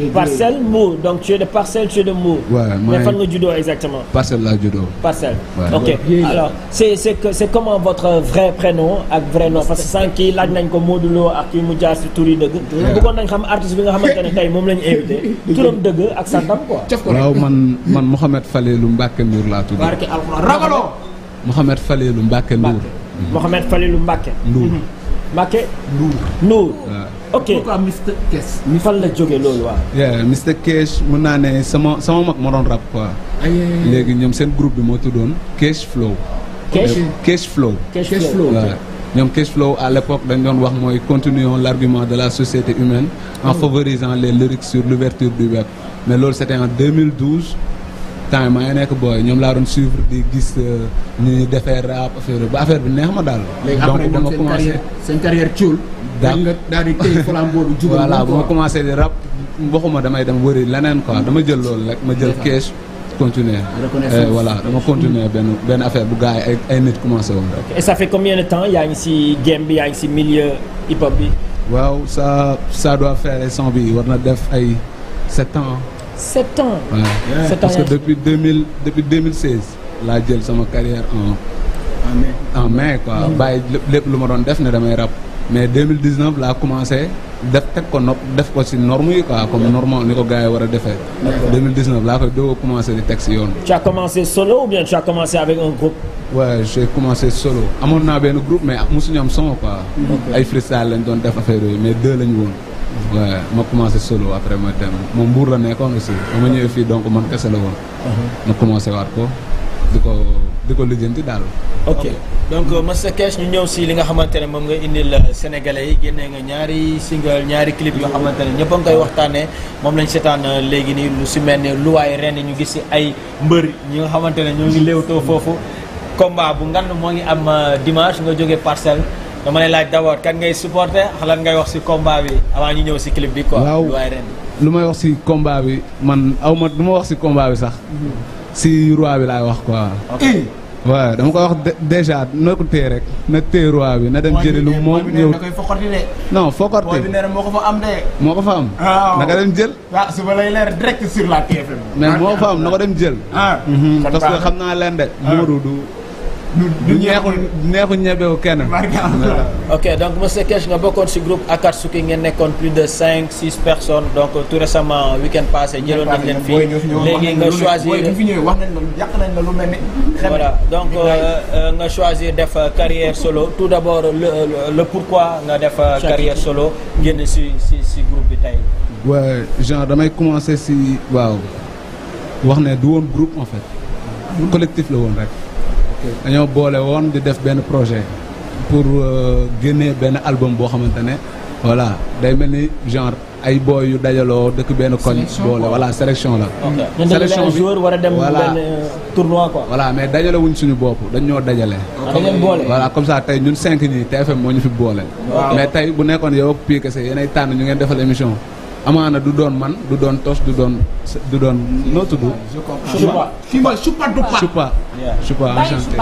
parcelle Mbour donc tu es de parcelle tu es de Mbour. waaw mais fan nga juddoo exactement. ak vrai parce que sànq kii laaj nañ ko Modou Lo ak kii mu jaar si yi dëgg. waaw bëggoon nañ xam artiste bi nga xamante ne tey moom la ñu invité. dëgg ak santam quoi. waaw man man Mouhamed Falelu Mbacke Ndour laa tudd. barke alxuraan ragaloo. Mouhamed Falelu Mbacke Ndour. Mouhamed Falelu Mbacke. Ndour. Mhm. Mbacké. Ndour Ndour. ok pourquoi Mr Cash. mi fan la jógee loolu waaw. Mr Cash mën naa ne sama sama mag moo doon rap quoi. Ah, léegi ñoom seen groupe bi moo tuddoon Cash Flow. Cash Cash Flow. Cash Flow ñoom cash flow à l'époque dañ doon wax mooy continuons l'argument de la société humaine en mm. favorisant les lyrics sur l'ouverture du web mais loolu c'était en 2012 temps maa ngi nekk booy ñoom laa doon suivre di gis euh, ñu defee rap affaire ba affaire bi neex ma daal. donc ba ma commencé seen carrière ciul daal nga daal di téye flambeau bi jubal voilà ba ma commencé di rap waxuma damay dem wëri leneen quoi dama jël loolu rek ma jël kees continuer euh, voilà dama continuer mm-hmm. benn benn affaire bu gars yi ay nit commencé woon rek. et ça fait combien temps yaa si game bi yaa ngi si milieu hip bi. waaw ça ça doit faire bi war na def ay sept temps sept ans. voilà parce que depuis deux mille depuis deux mille seize laa jël sama carrière en. mais mai en mai quoi mm-hmm. bàyyi lépp lu ma doon def ne damay rab mais 2019 laa commencé def teg ko nopp def ko si norme yi quoi comme normal ni ko gars yi war a defee. laa koy doog a commencé di teg si yoon. tu as commencé solo ou bien tu as avec un groupe. waaw ouais, j'ai commencé solo amoon naa benn group mais mosuñu am son quoi. Mm-hmm. ay freestyle lañ doon def affaire yooyu mais deux lañu woon. waaw ma commencé solo après ma dem moom mbuur la nekkoon si ba ma ñëwee fii donc man kese la woon. Uh-huh. ma commencé waat ko di ko di ko lijjanti daal. ok donc euh, Master Cash ñu ñëw si li nga xamante ne moom nga indil euh, Sénégalais yi génnee nga ñaari single ñaari clip yoo xamante ne ñëpp a ngi koy waxtaanee moom lañ seetaan euh, léegi nii lu si mel ne lu waaye ren ñu gis si ay mbër ñi nga xamante ne ñoo ngi léewtoo foofu combat bu ngan moo ngi am dimanche nga jógee parcelle. dama lay laaj d'abord kan ngay supporter lan ngay wax si combat bi avant ñu ñëw ci clip bi quoi. waaw lu may wax si combat bi man aw ma lu ma wax si combat bi sax. si mhm. roi bi laay wax quoi. waaw dama koy wax déjà na ko téye rek na téye bi na dem jëli lu moom ñëw non fokorti moo ko fa am de moo ko fa am na ko dem jël waaw ah, suba lay leer direct sur la mais moo ko fa am na ko dem jël ah. mhm, parce que xam naa len de ah. Modou du du neexul neexul ñebewu kenn. ok donc monsieur Kesh nga bokkoon si groupe Akatsuki ngeen nekkoon plus de cinq six personnes donc euh, tout récemment week-end passé na nañ leen fii léegi nga choisir voilà donc euh, euh, nga choisir def carrière solo tout d'abord le le pourquoi nga def carrière solo génn si si si groupe bi tey. waaw genre damay commencer si waaw wax ne du woon groupe en fait mm-hmm. collectif la woon rek. dañoo boole woon di def benn projet pour euh, génnee benn album boo xamante ne voilà day mel ni genre ay booy yu dajaloo dëkk benn koñ. boole voilà sélection la. sélection bi war a dem benn euh, tournoi quoi. voilà mais dajale wuñ suñu bopp dañ ñoo dajale. voilà comme ça tey ñun cinq ñi TFM moo ñu fi boole. mais tey bu nekkoon yow ak Pii kese yéenay tànn ñu ngeen defal émission. amaana du doon man du doon tos du doon du doon noo tudd. je comprends fii mooy Choupa Dupa. Choupa Choupa enchanté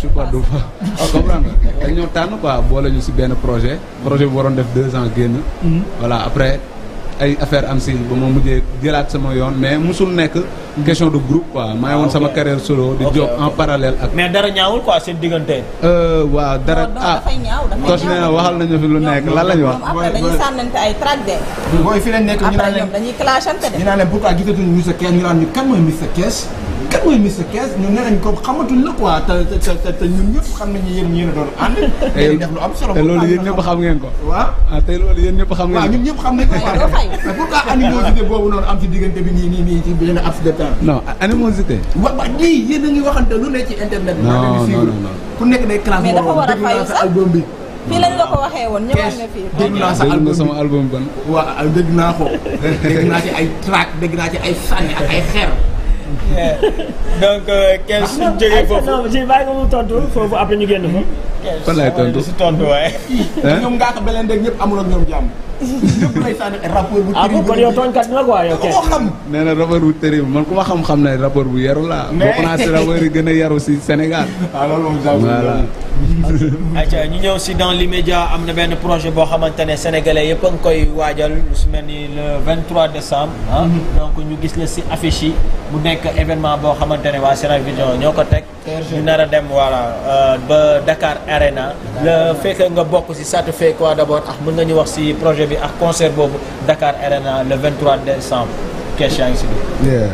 Choupa Dupa. Oh, comprendre nga dañ ñoo tànn ñu si benn projet. projet bu waroon def deux ans génn. Mhm. voilà après. ay affaire am si ba ma mujjee jëlaat sama yoon mais musul nekk question de groupe quoi maa ngi woon ah, sama carrière solo di job en parallèle ak mais dara ñaawul quoi seen diggante euh, waaw dara ah tosh nee na waxal nañu fi lu nekk lan lañu wax dañuy sànnante ay track de booy fi lañ nekk ñu naan leen dañuy clashante de ñu naan leen pourquoi gisatuñu Mr Cash ñu naan ñu kan mooy kan mooy Mr 15 ñun nee nañ ko xamatuñ te te te ñun ñëpp xam nañu yéen yéen a am solo te loolu yéen ñëpp xam ngeen ko. waaw ah loolu yéen ñëpp xam ngeen ko. waaw ñun ñëpp xam nañ ko waaw boobu noonu am ci diggante bi nii nii nii ci benn abs de temps. non animosité. wa wa lii yéen ngi waxante lu ne ci internet. non non non ku nekk day classe. mais dafa war a fayu sax album bi. fii lañ la ko waxee woon ñëwaat nga fii. dégg naa sa album sama album ban. waaw dégg naa ko dégg naa ci ay track naa ci ay sànni ak donc euh, kees suñ ah jógee ah, foofu non ci bàyyi mu tontu foofu après ñu génn fa. fan laay tontu si tontu waaye. ñoom ngaa ko beleen rek ñëpp amul ak ñoom jàmm. ñëpp lay sànni ah, rapport bu. terrible kon man ku ma xam-xam ne rapport bu yaru laa. mais naa si rapport yi gën a yaru si Sénégal. waaw loolu moom ayca ñu ñëw si dans l'immédiat am na benn projet boo xamante ne sénégalais yëpp a ngi koy waajal si mel ni le 23 décembre. ah mhm. donc ñu gis la si affiche yi mu nekk événement boo xamante ne waa Sénégal Vision ñoo ko teg. ñu nar a dem voilà euh, ba Dakar Arena. la fekk nga bokk si ça te fait quoi d'abord ak ah, mën nga ñu wax si projet bi ak concert boobu dakaar Arena le 23 décembre question yaa si biir.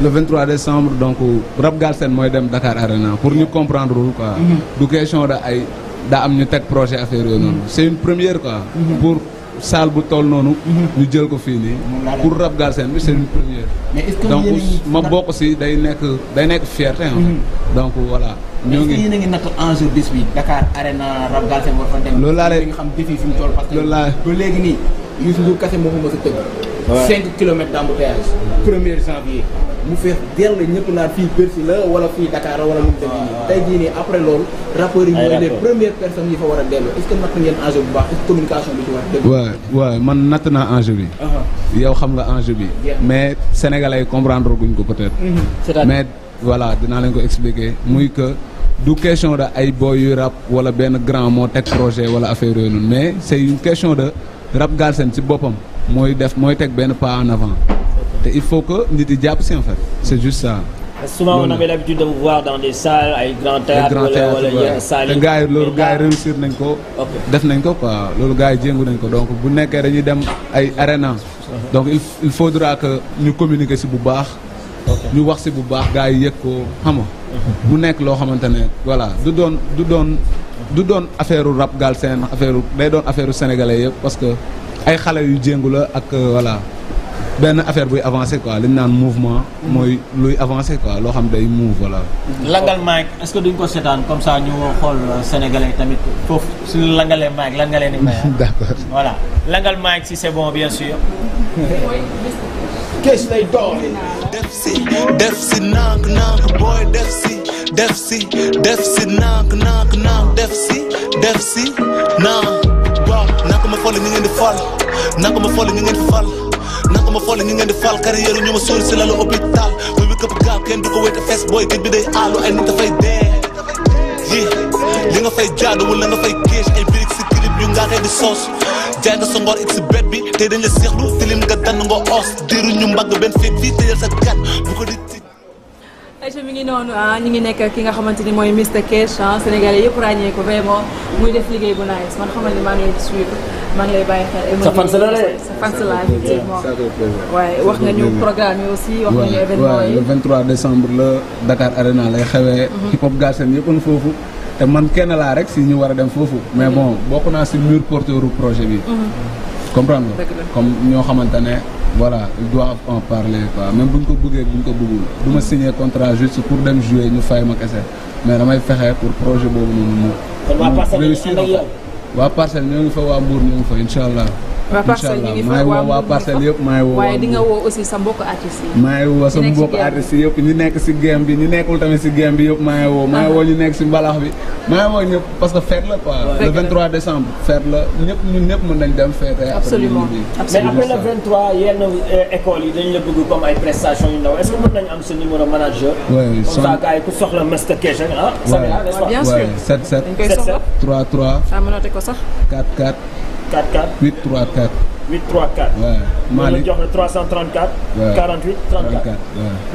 le 23 décembre donc Rap Galsen mooy dem Dakar Arena pour ñu comprendre lul quoi. Mhm. du question da ay daa am ñu teg projet affaire yooyu noonu. Mhm. c' est une première quoi. Mhm. pour salle bu toll noonu. ñu jël ko fii nii. pour Rap Galsen bi c' est une première. mais est ce que donc ma bokk si day nekk day nekk fierté donc voilà. ñoo ngi yéen a ngi natt enjeu bés bi Dakar Arena Rap Galsen war fa loolu laa lay xam défi fi mu toll parce que Youssou Ndour kese moo ko mos a tëgg. waaw 5 kilomètres d'embouteillage. 1er janvier. mu fees dell ñëpp naan fii Bercy la wala fii Dakar wala lu mu demee nii. tey jii après loolu. rappeurs yi ñooy les premières yi fa war a dellu est natt ngeen enjeu bu baax est communication bi ci war a déglu. waaw waaw man natt naa enjeu bi. Uh-huh. yow xam nga enjeu bi. mais sénégalais yi comprendre guñ ko peut être. Mm-hmm. c'est-à-dire mais voilà dinaa leen ko expliquer muy que. du question de ay boy yu rap wala benn grand moo teg projet wala affaire yooyu noonu rap galsen ci boppam mooy def mooy teg benn pas en avant te il faut que nit yi jàpp si en fait c'est juste ça. souvent on avait l'habitude de vous voir ay grand théâtre wala wala yenn salles loolu gars réussir nañ ko def nañ ko quoi loolu gars yi jéngu nañ ko donc bu nekkee dañuy dem ay arena uh-huh. donc il il faudra que ñu communiquer si bu baax ñu wax si bu baax gars yi yëg ko xam uh-huh. mu nekk loo xamante ne voilà du doon du doon du doon affaire rap Galsen affaire day doon affaire sénégalais yëpp parce que ay xale yu jéngu la ak euh, voilà benn affaire buy avancé quoi li ñu naan mouvement. mooy luy avancé quoi loo xam day move voilà. langal maag est-ce que duñ ko seetaan comme ça ñu xool euh, sénégalais tamit foofu suñu langalee maag lan nga leen di d'accord voilà langal maag si c'est bon bien sûr. kees lay doon. def si def si nank nank booy def si. def si def si naak naak naak def si def si naak waaw naka ma folle ñu ngeen di fal naka ma folle ñu ngeen di fal naka ma folle ñu ngeen di fal carrière ñu ma sóor si lalu hôpital bu bi këpp gaaw du ko wéy te fees booy géej bi day aalu ay nit dafay dee yi li nga fay jaadu wala nga fay géej ay birig si kirib yu ngaa xee di soos jaay nga sa ngor it si bet bi tey dañ la seexlu tilim nga dann nga os diiru ñu mbagg benn féet fii tëjal sa gat ayca mi ngi noonu ah ñu ngi nekk ki nga xamante ni mooy Mister Cash ah sénégalais yëpp ràññee ko vraiment muy def liggéey bu nice man xamal ni maa ngi lay di lay bàyyi xel. sa fan sa la lay sa fan sa waaye wax nga ñu programme yi aussi wax nga ñu événement yi. le 23 décembre la Dakar Arena lay xewee. Mhm. hip hop garçon yëpp foofu. te man kenn laa rek si ñu war a dem foofu. mais mhm. bon bokk naa si mur porteur projet bi. Mhm. comprend nga comme ñoo xamante ne voilà ils doivent en parler quoi même bu ñu ko buggee bu ñu ko bëggul du ma signer contrat juste pour dem jouer ñu fay ma kese mais damay fexe pour projet boobu noonu mu réussir waa parcelle ñoo ngi fa waa Mbour ñoo fa incha allah waa parcelle ñu ngi fa waaw waa parcelle yëpp maa ngi waaye di nga aussi sa mbokk artistes yi maa ngi woo sama mbokk artistes yëpp ñu nekk si game bi ñu nekkul tamit si game bi yëpp maa ngi ah. woo ñu nekk si mbalax bi maa ngi woo parce que fête la quoi le 23 décembre fête la ñëpp ñun ñëpp mën nañ dem fête absolument mais après le 23 yenn euh, écoles yi dañ la bëgg comme ay prestations yu ndaw est-ce que mën nañ am sa numéro manager oui comme ça gars yi ku soxla master question ah 44 834. 834. waaw Malick jox la 334. waaw 48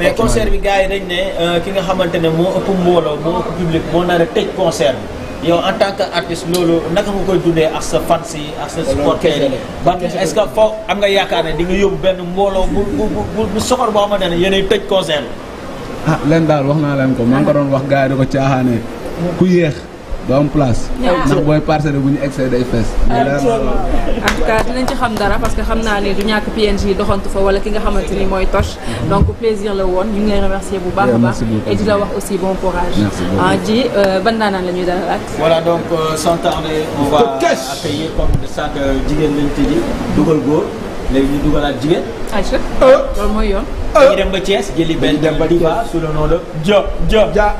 34. 34 mais concert bi gars yi dañ ne euh, ki nga xamante ne moo ëpp mbooloo moo ëpp public moo nar tëj concert yow en tant que artiste loolu naka nga koy dundee ak sa fans yi ak sa supporters yi ban est-ce que am nga yaakaar ne di nga yóbbu benn mbooloo bu bu bu bu soxor boo xamante ne yéenay tëj concert bi. ah leen daal wax naa leen ko maa ngi ko doon wax gaa yi di ko caaxaanee ku yéex. doo place. ndax booy parcelle bu ñu excès day fees. Ah, en tout cas dinañ ci xam dara parce que xam naa ni du ñàkk PNG doxantu fa wala ki nga xamante ni mooy Toch. Mhm. donc plaisir la woon ñu ngi remercier bu baax a baax. et di la wax aussi bon courage. Ah, ji euh, ban daanaan la ñuy dalalaat. voilà donc euh, sans tarder on va accueillir jigéen lañ tëjee dogal goo léegi ñu dugalaat jigéen. ayca euh. euh, loolu mooy yoon. dañuy dem ba Thiès jëli benn diva sous le nom de Jo Jo Ja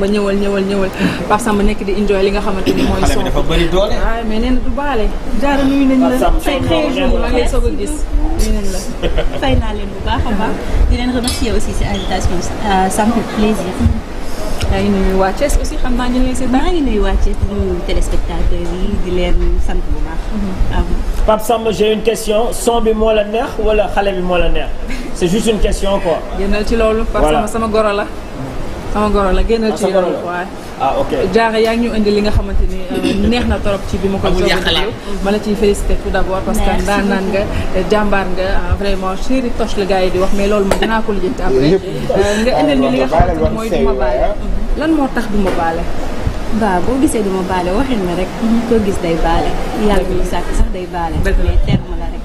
ba ñëwal ñëwal ñëwal Pape Samba nekk di enjoy li nga xamante ni mooy. son dafa bëri doole. waaw ah, mais nee na du baale. jaara nuyu nañu la say xëy soog a gis. fay naa leen bu baax a baax di leen remercier aussi si invitation euh, ça me fait plaisir. yaa ngi nuyu waa Thiès aussi xam naa ñu ngi lay seetaan. maa ngi nuyu waa Thiès di nuyu téléspectateurs yi di leen sant bu baax. Mm-hmm. Ah Pape Samba j'ai une question son bi moo la neex wala xale bi moo la neex c'est juste une question quoi. génnal ci loolu. Pape Samba sama goro la. sama goro la génnal ah, ci yow waaw ah yaa ngi ñu indi li nga xamante ni euh, neex na torop ci bi ma ko soog a jël ma la ciy félicité parce que daan naan nga euh, jàmbaar nga euh, vraiment chéri toch la gars yi di wax may loolu ma dinaa ko lijjanti après nga ah, indil li nga xamante ni mooy duma baale ah. mhm. lan moo tax duma baale waaw boo gisee duma baale waxin na rek mhm. koo gis day baale yàlla bi sàkk sax day baale mais terme la rek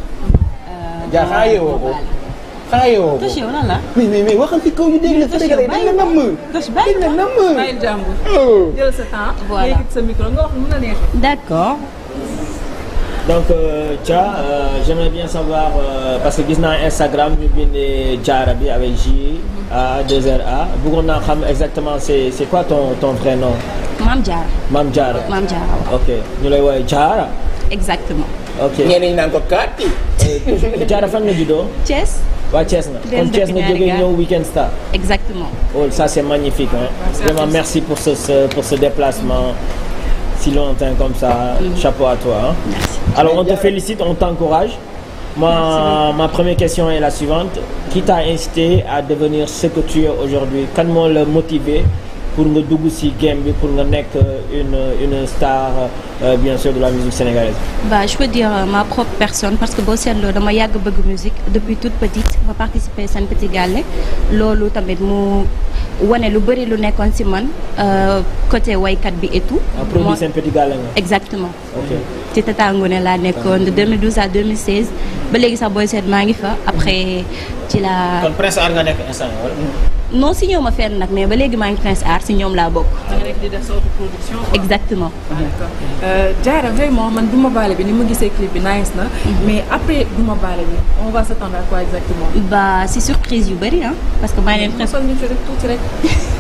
ah yow tës yow lan la. mais mais mais waxal ci kaw ñu dégg la. tës yow bàyyi ko tës bàyyi ko bàyyi jàmbur. jël sa temps. voilà léegi sa micro nga wax mun na neex. d'accord. donc euh, Dia euh, j'aimerais bien savoir euh, parce que gis naa Instagram ñu bindee Diarra bi avec J A 2 R A bëggoon naa xam exactement c'est c'est quoi ton ton vrai nom. Maam Diarra. Maam Diarra. Maam Diarra. ok ñu lay woowee Diarra. exactement. ok ñenn ñi naan ko kaati. Diarra fan nga juddoo. Thiès. waa Thiès nga kon Thiès nga jógee ñëw Weekend Star. exactement. oh ça c'est magnifique hein. vraiment merci pour ce pour ce déplacement. si lointain comme ça. Mm-hmm. chapeau à toi hein. merci. alors on te félicite on t'encourage. ma ma première question est la suivante. qui t'a incité à devenir ce que tu es aujourd'hui kan moo la motiver. pour nga dugg ci game bi pour nga nekk une une star euh, bien sûr de la musique sénégalaise. bah je peux dire euh, ma propre personne parce que boo seetloo dama yàgg bëgg musique depuis toute petite ma participer Sen Petit Gallé loolu tamit mu wane lu bëri lu nekkoon ci man euh, côté woykat bi et tout. Ah, produit Sen Petit Gallé nga. exactement. ci Tata ne laa nekkoon de a à 2016. ba léegi sax booy seet maa ngi fa après ci la. kon non si ñëw ma fenn nag mais ba léegi maa ngi Prince Art si ñoom laa bokk. exactement. Ah, euh, Diarra vraiment man Duma Baale bi ni ma gisee clip bi nice na. Mhm. mais après Duma Baale bi on va s'attendre à si surprise yu bëri ah. parce que maa ngi leen. mosal rek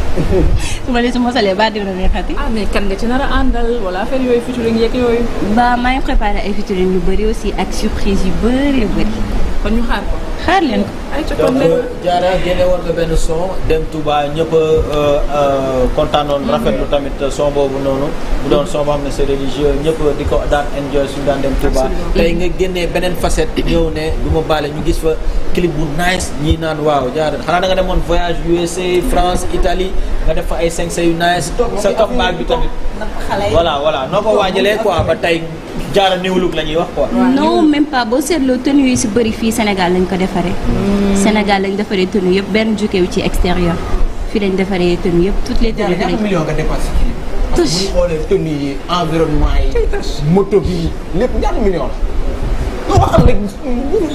ma leen si mosalee ba dina neexati. ah mais kan nga ci nar a àndal wala affaire yooyu featuring yeeg yooyu. bah maa ngi préparé ay featuring yu bëri aussi ak surprise yu bëree bëri. kon ñu xaar ko. xaar leen ko. ay ca kon donc Diarra génne woon nga benn son dem Touba ñëpp a euh, euh, kontaanoon mm-hmm. rafetlu tamit son boobu noonu. bu doon son boo xam ne c'est religieux ñëpp di ko daan enjoy suñu daan dem Touba. tey nga génnee beneen facette ñëw ne du baale ñu gis fa clip bu nice ñii naan waaw Diarra xanaa da nga demoon voyage USA France Italie nga def fa ay 5 sa nice. sa top bag bi tamit. voilà voilà noo ko waajalee quoi ba tey Diarra New Look la ñuy wax quoi. non même boo seetloo defaree. Sénégal lañ defaree tenue yëpp benn jógewu ci extérieur fii lañ defaree tenue yëpp toutes les tenues. ñaata million nga dépensé touche parce que bu ñu xoolee tenue yi environnement yi. moto bi lépp ñaata million la. non waxal rek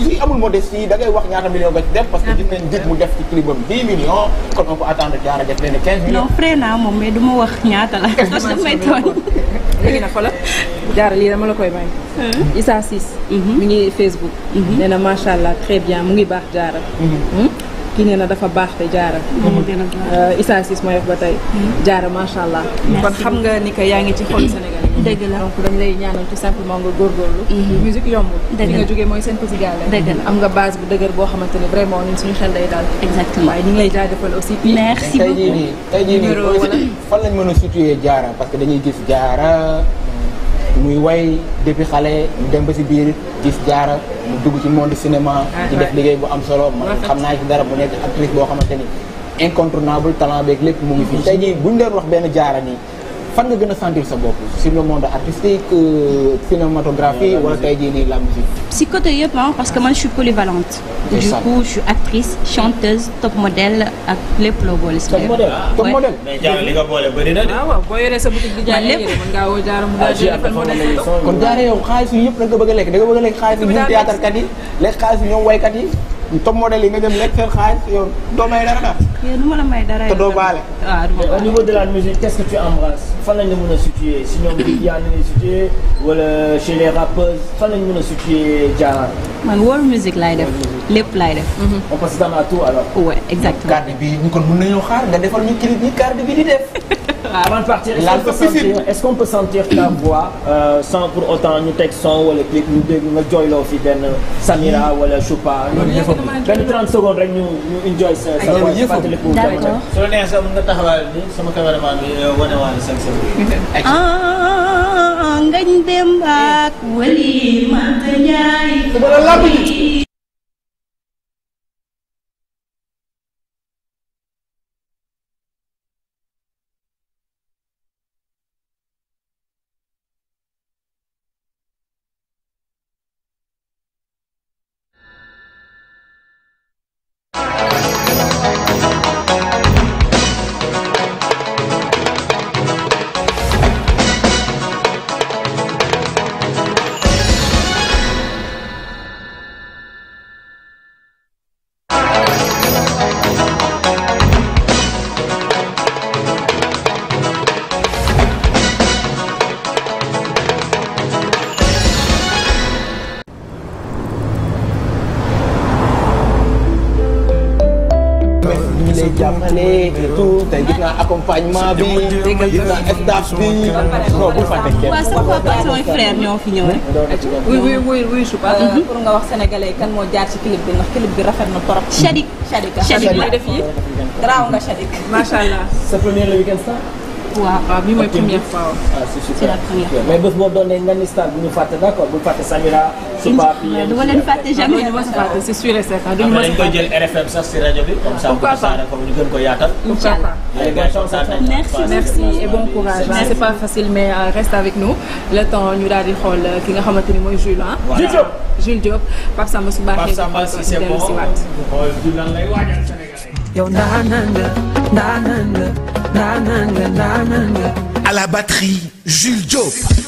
si amul modestie da ngay wax ñaata million nga ci mu def ci clipam def leen 15 millions. naa moom mais du ma wax ñaata la. parce que may tooñ. léegi nag jaar jaara lii dama la koy may. Issa Ciss. Mhm. mi ngi Facebook. Mhm. nee na macha allah très bien mu ngi baax jaara. kii nee na dafa baax te jaara mhm. euh, Issa Cissé mooy wax ba tey mhm. jaara macha allah kon xam nga ni ko yaa ngi ci xol Sénégal dëgg la donc dañ lay ñaanal ci simplement nga góorgóorlu mhm. musique yombul dëgg nga jógee mooy seen festival dëgg la am nga base bu dëgër boo xamante ne vraiment ñun suñu xel day daal waaye ñu ngi lay jaajëfal aussi merci beaucoup tey jii nii tey jii nii fan lañ mën a situer jaara parce que dañuy gis jaara muy way depuis xale mu dem ba si biir gis jaara mu dugg ci monde cinéma ci ah, def ah. liggéey bu am solo ma xam naa ci dara mu nekk actrice boo xamante ni incontournable talent beeg lépp mu ngi fii mm-hmm. tey jii buñ doon wax benn jaara nii fan nga gën a sentir sa bopp sur le monde artistique euh, wala tey jii la musique. si côté yëpp ah parce que man je suis polyvalente. du coup je suis actrice chanteuse top modèle ak lépp loo boole. si top top modèle. de. Ah waaw boo yoree sa boutique di jaay yére mën ngaa woo jaara mu ah, daal kon jaara yow xaalis yi yëpp nga bëgg a lekk da nga lekk xaalis yi ñoom théâtre kat yi lekk xaalis yi ñoom waykat yi. top modèle yi nga dem lekk seen xaalis yow may dara daal. yow ma la may dara te doo baale. Ah, au niveau de la musique qu'est-ce que tu embrasses fan lañ la mën a si ñoom yi yaa ngi situer wala chez les rappeurs fan lañ mën a situer Diarra. man world music def lépp laay def. Mhm. on passe dans tout alors. ouais exactement carte bi ñu kon mën nañoo xaar nga defal ñu clip bi di def. avant de partir est-ce qu'on peut sentir ta voix euh, sans pour autant ñu teg son wala clip ñu dégg nga jooyloo fi benn Samira wala Choupa. benn 30 secondes rek ñu ñu enjoy sa sa fàttaliku. d'accord su la neexee sax nga taxawaay bi sama cameraman bi wane waale seen seen. Ah, ngañ dem ak. wali ma njaay. wala làmb ji. moo fi ñëw rek. oui oui oui oui je pense. Euh, mhm. pour nga wax sénégalais kan moo jaar ci clip bi ndax clip bi rafet na torop. Chadik Chadik ah Chadik lay def yi garaaw nga Chadik. macha allah. sa première le week-end star. waaw waaw ah, bi mooy première fois waaw. Ah, c'est super la première fois mais bés boo doonee nga ni star bu ñu fàtte d'accord bu ñu fàtte Samira. Soupa Pien du ma leen fàtte jamais du ma si fàtte c'est sûr et certain. duñu ma si fàtte dañ koy jël RFM sax si rajo bi. comme ça bu ko saaree comme ñu gën ko yaatal. incha allah merci merci et pas facile mais euh, reste avec nous le temps ñu daal di xool euh, ki nga xamante ni mooy Jules ah. voilà Jules Diop Pape Samba su baaxee. Pape Samba si c'est bon yow ndaanaan la ndaanaan à la batterie Jules Diop.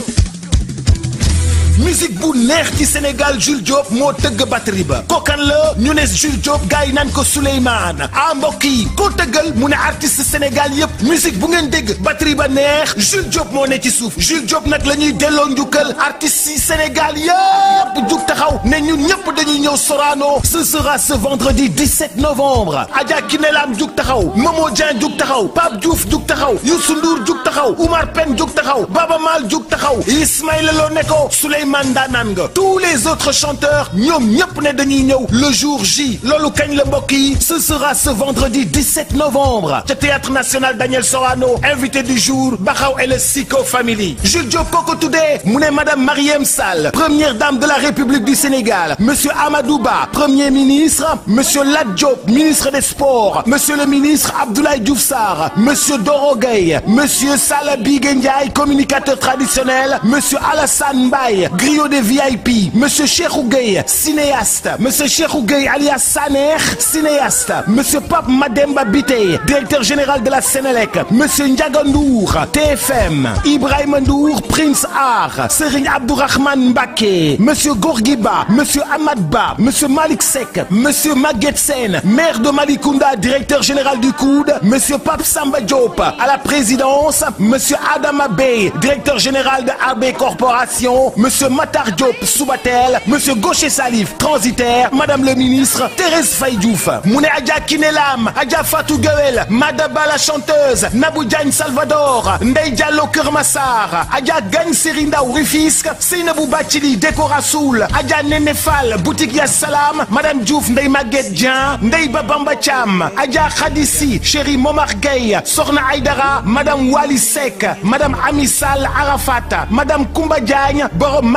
musique bu neex ci Sénégal Jules Diop moo tëgg batterie ba kokan la ñu ne Jules Diop gars yi naan ko Souleymane ah mbokk yi koo tëggal mu ne artiste Sénégal yépp musique bu ngeen dégg batterie ba neex Jules Diop moo ne ci suuf Jules Diop nag la ñuy delloo njukkal artistes yi Sénégal yépp jug taxaw ne ñun ñëpp dañuy ñëw soraano ce sera ce vendredi 17 novembre Adja Kiné Lam jug taxaw Momo Dieng jug taxaw Pape Diouf jug taxaw Youssou Ndour jug taxaw Oumar Pène jug taxaw Baba Maal jug taxaw Ismaïla Lo ne ko Souleymane ndaanaan nga tous les autres chanteurs ñoom ñëpp ne dañuy ñëw le jour J loolu kañ la mbokk yi ce sera ce vendredi 17 novembre ca théâtre national Daniel Sorano invité du jour Baxaw et le Sicko Family Jules Diop koo ko tuddee mu ne madame Marième Sall première dame de la République du Sénégal monsieur Amadou Ba premier ministre monsieur Lat Diop ministre des sports monsieur le ministre Abdoulaye Diouf Sarr monsieur Doro Gueye monsieur Sala Bigué Ndiaye communicateur traditionnel monsieur Alassane Mbaye trio des VIP monsieur Cheikhou Gueye cinéaste monsieur Cheikhou Gueye alias Sanex cinéaste monsieur Pape Mademba Biteye directeur général de la Sénélec monsieur Ndiaga Ndour TFM Ibrahima Ndour Prince Art Serigne Abdourahmane Mbacké monsieur Gorgui Ba monsieur Amad Ba monsieur Malick Seck monsieur Maguette Sène maire de Malicounda directeur général du COUD monsieur Pape Samba Diop à la présidence monsieur Adama Bey directeur général de AB Corporation Matar Diop Soubatel monsieur Gaucher Salif transitaire madame le ministre Thérèse Faye Diouf mu ne Adja Kiné Lam Adja Fatou Guewel Madaba la chanteuse Nabou Diagne Salvador Ndeye Diallo Kër Massar Adja Gagne Seri Ndaw Rufisque Seynabou Bathily Déco Rassoul Adja Néné Fall boutique Ya Salam madame Diouf Ndeye Maguette Dieng Ndeye Babamba Thiam Adja Khadisi Chéri Momar Gueye Sokhna Aïdara madame Wali Seck madame Amy Arafat madame Koumba Diagne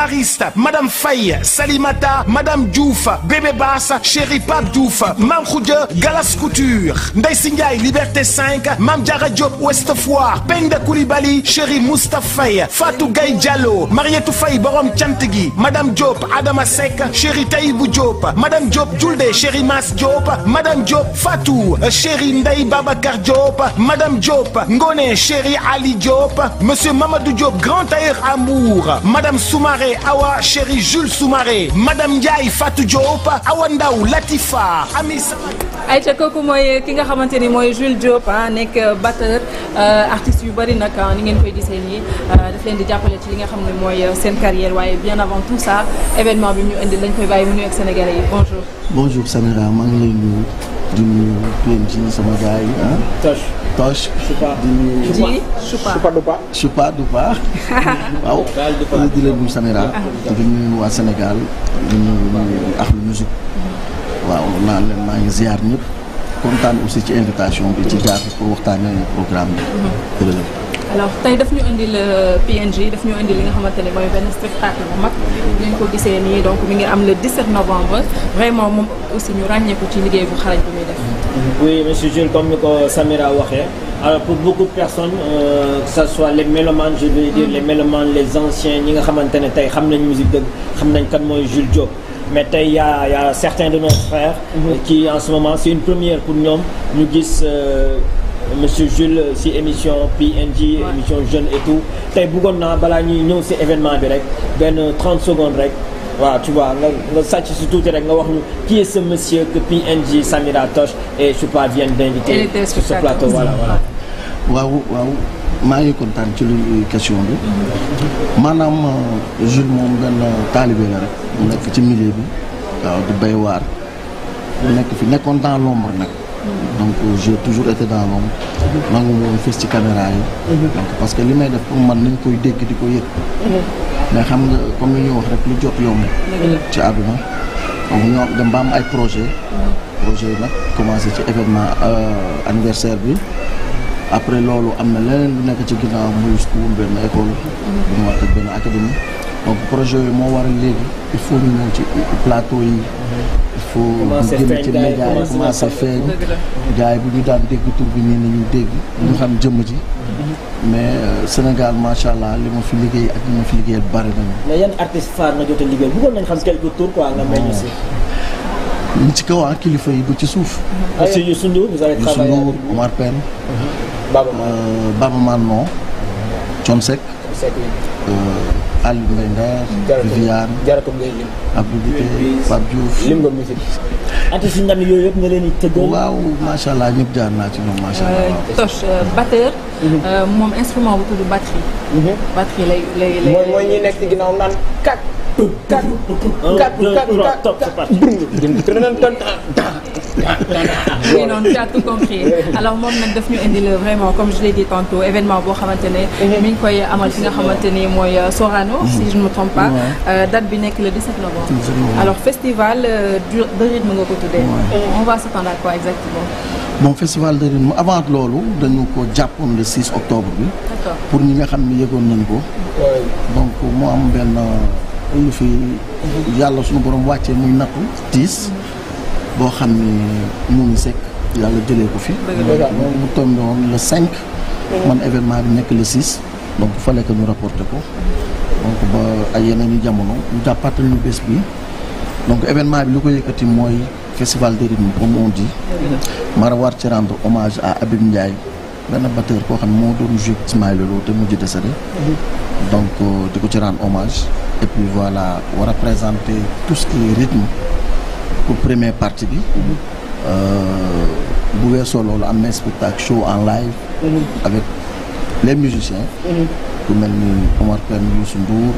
Mariste madame Faye Salimata madame Diouf bébé Bass chéri Pape Diouf Mame Khoudia Galas Couture Ndeye Si Ndiaye Liberté 5 Mame Diarra Diop Ouest Foire Penda Koulibaly chéri Moustapha Faye Fatou Gaye Diallo fay Faye borom cant gi madame Diop Adama Seck chéri Taïbou Diop madame Diop Diouldé chéri Mass Diop madame Diop Fatou chéri Ndeye Babacar Diop madame Diop Ngoné chéri Ali Diop monsieur Mamadou Diop grand tailleur amour madame Soumaré Awa Chéri Jules Soumaré Madame Ndiaye Fatou Diop Awa Ndaw Latifa Ami Sama. ayca kooku mooy ki nga xamante ni mooy Jules Diop ah nekk euh, batteur euh, artiste yu bari nag ah, ni ngeen koy gisee nii euh, daf leen di jàppale ci li nga xam ne mooy seen carrière waaye bien avant tout ça événement bi ñu indi lañ koy bàyyi mu nuyu ak sénégalais yi bonjour. bonjour Samira maa ngi lay nuyu di nuyu PMG sama gars yi ah. non Choupa di Choupa Dupa. Choupa Dupa waaw. di leen nuyu Samira. Ah. di nuyu waa Sénégal di nuyu ahlu musique waaw naan leen maa ngi ziar ñëpp kontaan aussi ci invitation bi ci jaar pour waxtaanee programme bi. Mm-hmm. alors tey daf ñu indi le euh, PNJ daf ñu indi li nga xamante ne mooy benn spectacle bu mag ñu ko gisee nii donc mi ngi am le 17 novembre vraiment moom aussi ñu ràññeeku ci liggéey bu xarañ bu muy def. oui monsieur Jules comme ni ko Samira waxee alors pour beaucoup de personnes euh, que ça soit les mélomanes je veux dire les mélomanes les anciens ñi nga xamante ne tey xam nañ musique dëgg xam nañ kan mooy Jules Diop. mais tey y a y a certains de nos frères. Mhm. qui en ce moment c'est une première ñoom ñu gis. Euh, monsieur Jules euh, si émission PNJ émission jeune et tout tey bëggoon naa balaa ñuy ñëw si événement bi rek benn 30 secondes rek waaw tu vois nga nga sàcc si tuuti rek nga wax ñu qui est ce monsieur que PNJ Samira Toche et Chupa viennent d'inviter sur ce plateau voilà waaw waaw maa ngi kontaan ci lu euh, question bi maanaam euh, Jules moom benn taalibe la rek mu nekk ci milieu bi waaw di bay waar nekk fi nekkoon dans l'ombre nag donc j'ai toujours été dans l'ombre nangu moom fës ci caméra yi mhm. parce que li may def pour man nañ koy dégg di ko yëg mhm. mais xam nga comme li ñu wax rek lu jot yomb mhm. ci àdduna donc ñoo dem ba ay projet projet yi nag commencé ci événement euh, anniversaire bi après loolu am na leneen lu nekk ci ginnaaw muy school benn école bu ñu wax ak benn académie donc projet yooyu moo waral léegi il faut ñu ñëw ci plateau yi. il faut ñu jëm ci média yi commencé feeñ gars bu ñu daan dégg tur bi nii nañu dégg. ñu xam jëmm ji. mais euh, Sénégal macha allah li ma fi liggéey ak li ma fi liggéeyal bari nañu. mais yan artistes phares nga jot a liggéey bëggoon nañu xam si. kaw ah kilifa yi bu ci suuf. aussi ah, Youssou Ndour vous avez travaillé Youssou Ndour Aliou Mbaye Nder. Viviane Jaratou Mbaye Lim. Abdou Dité Pape Diouf. lim nga musique. artistes yi ndam yooyu yëpp nga leen di tëggal. waaw macha allah ñëpp jaar naa ci ñoom macha allah. Euh, Toch euh, batteur. Mhm. Euh, moom instrument bu tudd batterie. Mhm. batterie lay lay lay. mooy mooy ñi nekk ci ginnaaw naan kàkk. kàkk kàkk kàkk kàkk oui non tu as tout compris alors moom nag daf ñu indil vraiment comme je l'ai dit tantôt événement boo xamante ne. Mhm. mi ngi koy amal fi nga xamante ni mooy Sorano. Sorano mhm. si je ne euh, bi nekk le festival euh, de rythme nga ko tuddee on va s'attendre festival de rythme avant loolu dañu ko jàppoon le 6 octobre bi pour ñi nga xam ne yëgoon nañ ko donc mu am benn lu euh, fi yàlla suñu borom wàcce muy nattu tiis mhm. boo xam ne mu ngi sekk yàlla jële ko fi mu tombé woon le 5 mhm. man événement bi nekk la 6 donc fallait que ñu rapporté ko donc ba ay yeneen i jamono ñu jàppaatal ñu bés bi donc événement bi lu ko yëkkati mooy festival de rythme comme on dit. mara war ci rendre hommage à Habib Ndiaye benn batteur koo xam ne moo doon joué Ismaïla Lô te mujj décédé. donc euh, di ko ci rendre hommage. et puis voilà war a présenter tout ce qui pour première partie bi. Euh, bu weesoo loolu am na spectacle show en live. avec les musiciens. ku mel ni Omar Pène Youssou Ndour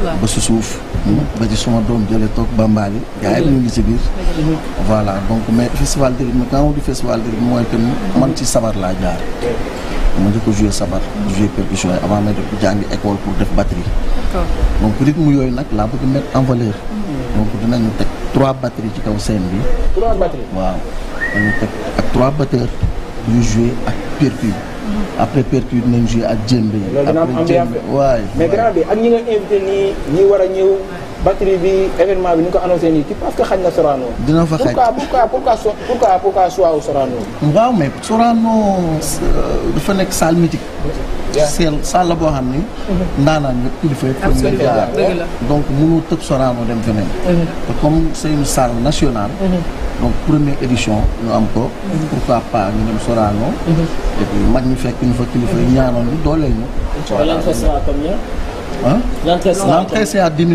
ba su suuf ba ci suma doom jële toog Bambali gars yi ñu ngi ci biir voilà donc mais festival de rythme quand on festival de mooy que man ci sabar laa jaar ma njëkk a joué sabar joué percussion yi avant may def jàngi école pour def batterie donc rythme yooyu nag laa bëgg mettre en valeur donc dinañu teg trois batteries ci kaw seen bi waaw dañu teg ak trois batteurs yu joué ak percu après percute nañ joué ak jëmbe après jëmbe waay mais grand bi ak ñi nga invité nii ñi war a ñëw batterie bi événement bi ni ko annoncé nii parce que xañ na Sorano dina fa xañ pourquoi pourquoi waaw mais Sorano euh, dafa nekk salle mythique seel salle la boo xam ni mm-hmm. ndaanaan yëpp kilifa yëpp fa donc mënoo tëb Sorano dem feneen te comme c'est une salle donc première édition ñu am ko. Mhm. pourquoi pas ñu dem Sorano. Mhm. et puis mag ñu fekk nu fa kilifa yi ñaanoon ñu dooleel ñu. incha à combien. ah l'entrée c'est à donc.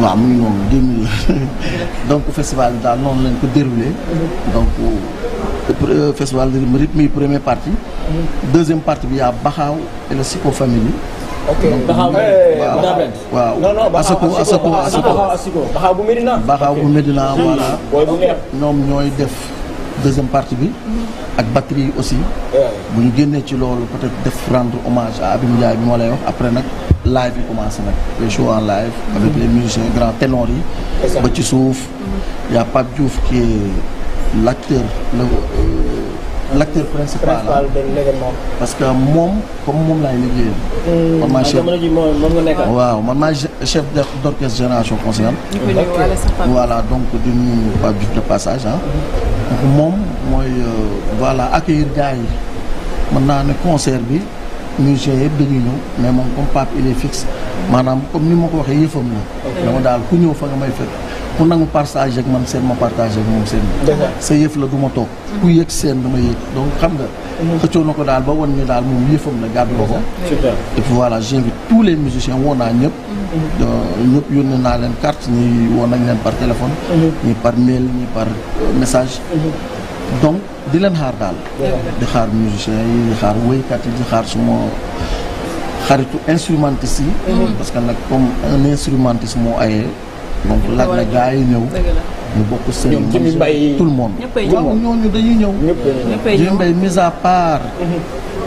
waaw noonu dix mille daal noonu lañ ko déroulé. Mhm. donc euh, festival rythme yi première partie. deuxième parti bi y a Baxaaw et le Family. ok mm. baxaaw waaw asako asako asako baxaaw bu Medina baxaaw bu Medina mm. voilà ñoom ñooy def deuxième partie bi mm. ak batterie yi aussi bu ñu génnee ci loolu peut-être def rendre hommage a Abim Ndiaye bi ma lay wax après nag live yi commencé nag les shows en live avec les musiciens grands ténors yi ba ci suuf y a Pape Diouf qui est l'acteur principal parce que moom comme moom laay liggéeyal. Hmm, man maa ah, chef waaw man maa chef d'orchestre génération consciente. voilà donc di nuyu Pape Diouf de passage moom mooy euh, voilà accueillir gars yi mën naa ne concert bi musiciens yëpp dañuy ñëw mais moom comme Pape il est fixe maanaam comme ni ma ko waxee yëfam la. dama daal ku ñëw fa nga may fekk. ku nangu partage ak man seen ma partage ak moom seen sa yëf la du ma toog mm-hmm. ku yëg seen dama yëg donc xam nga mm-hmm. xëccoo na ko daal ba won ñu daal moom yëfam la gàddu na ko et puis voilà j'invite tous les musiciens woo naa ñëpp mm-hmm. ñëpp naa leen carte ñi woo nañ leen par téléphone ñi par mail ñi par euh, message donc di leen xaar daal di xaar musiciens yi di xaar woykat yi di xaar suma xaritu instrumentiste yi parce que nag comme un instrumentiste moo ayee donc lag na gaa ñëw. ñu bokk seen tout le monde. waaw ñooñu dañuy ñëw. ñëppay ñëw mbay mise part. Mhm.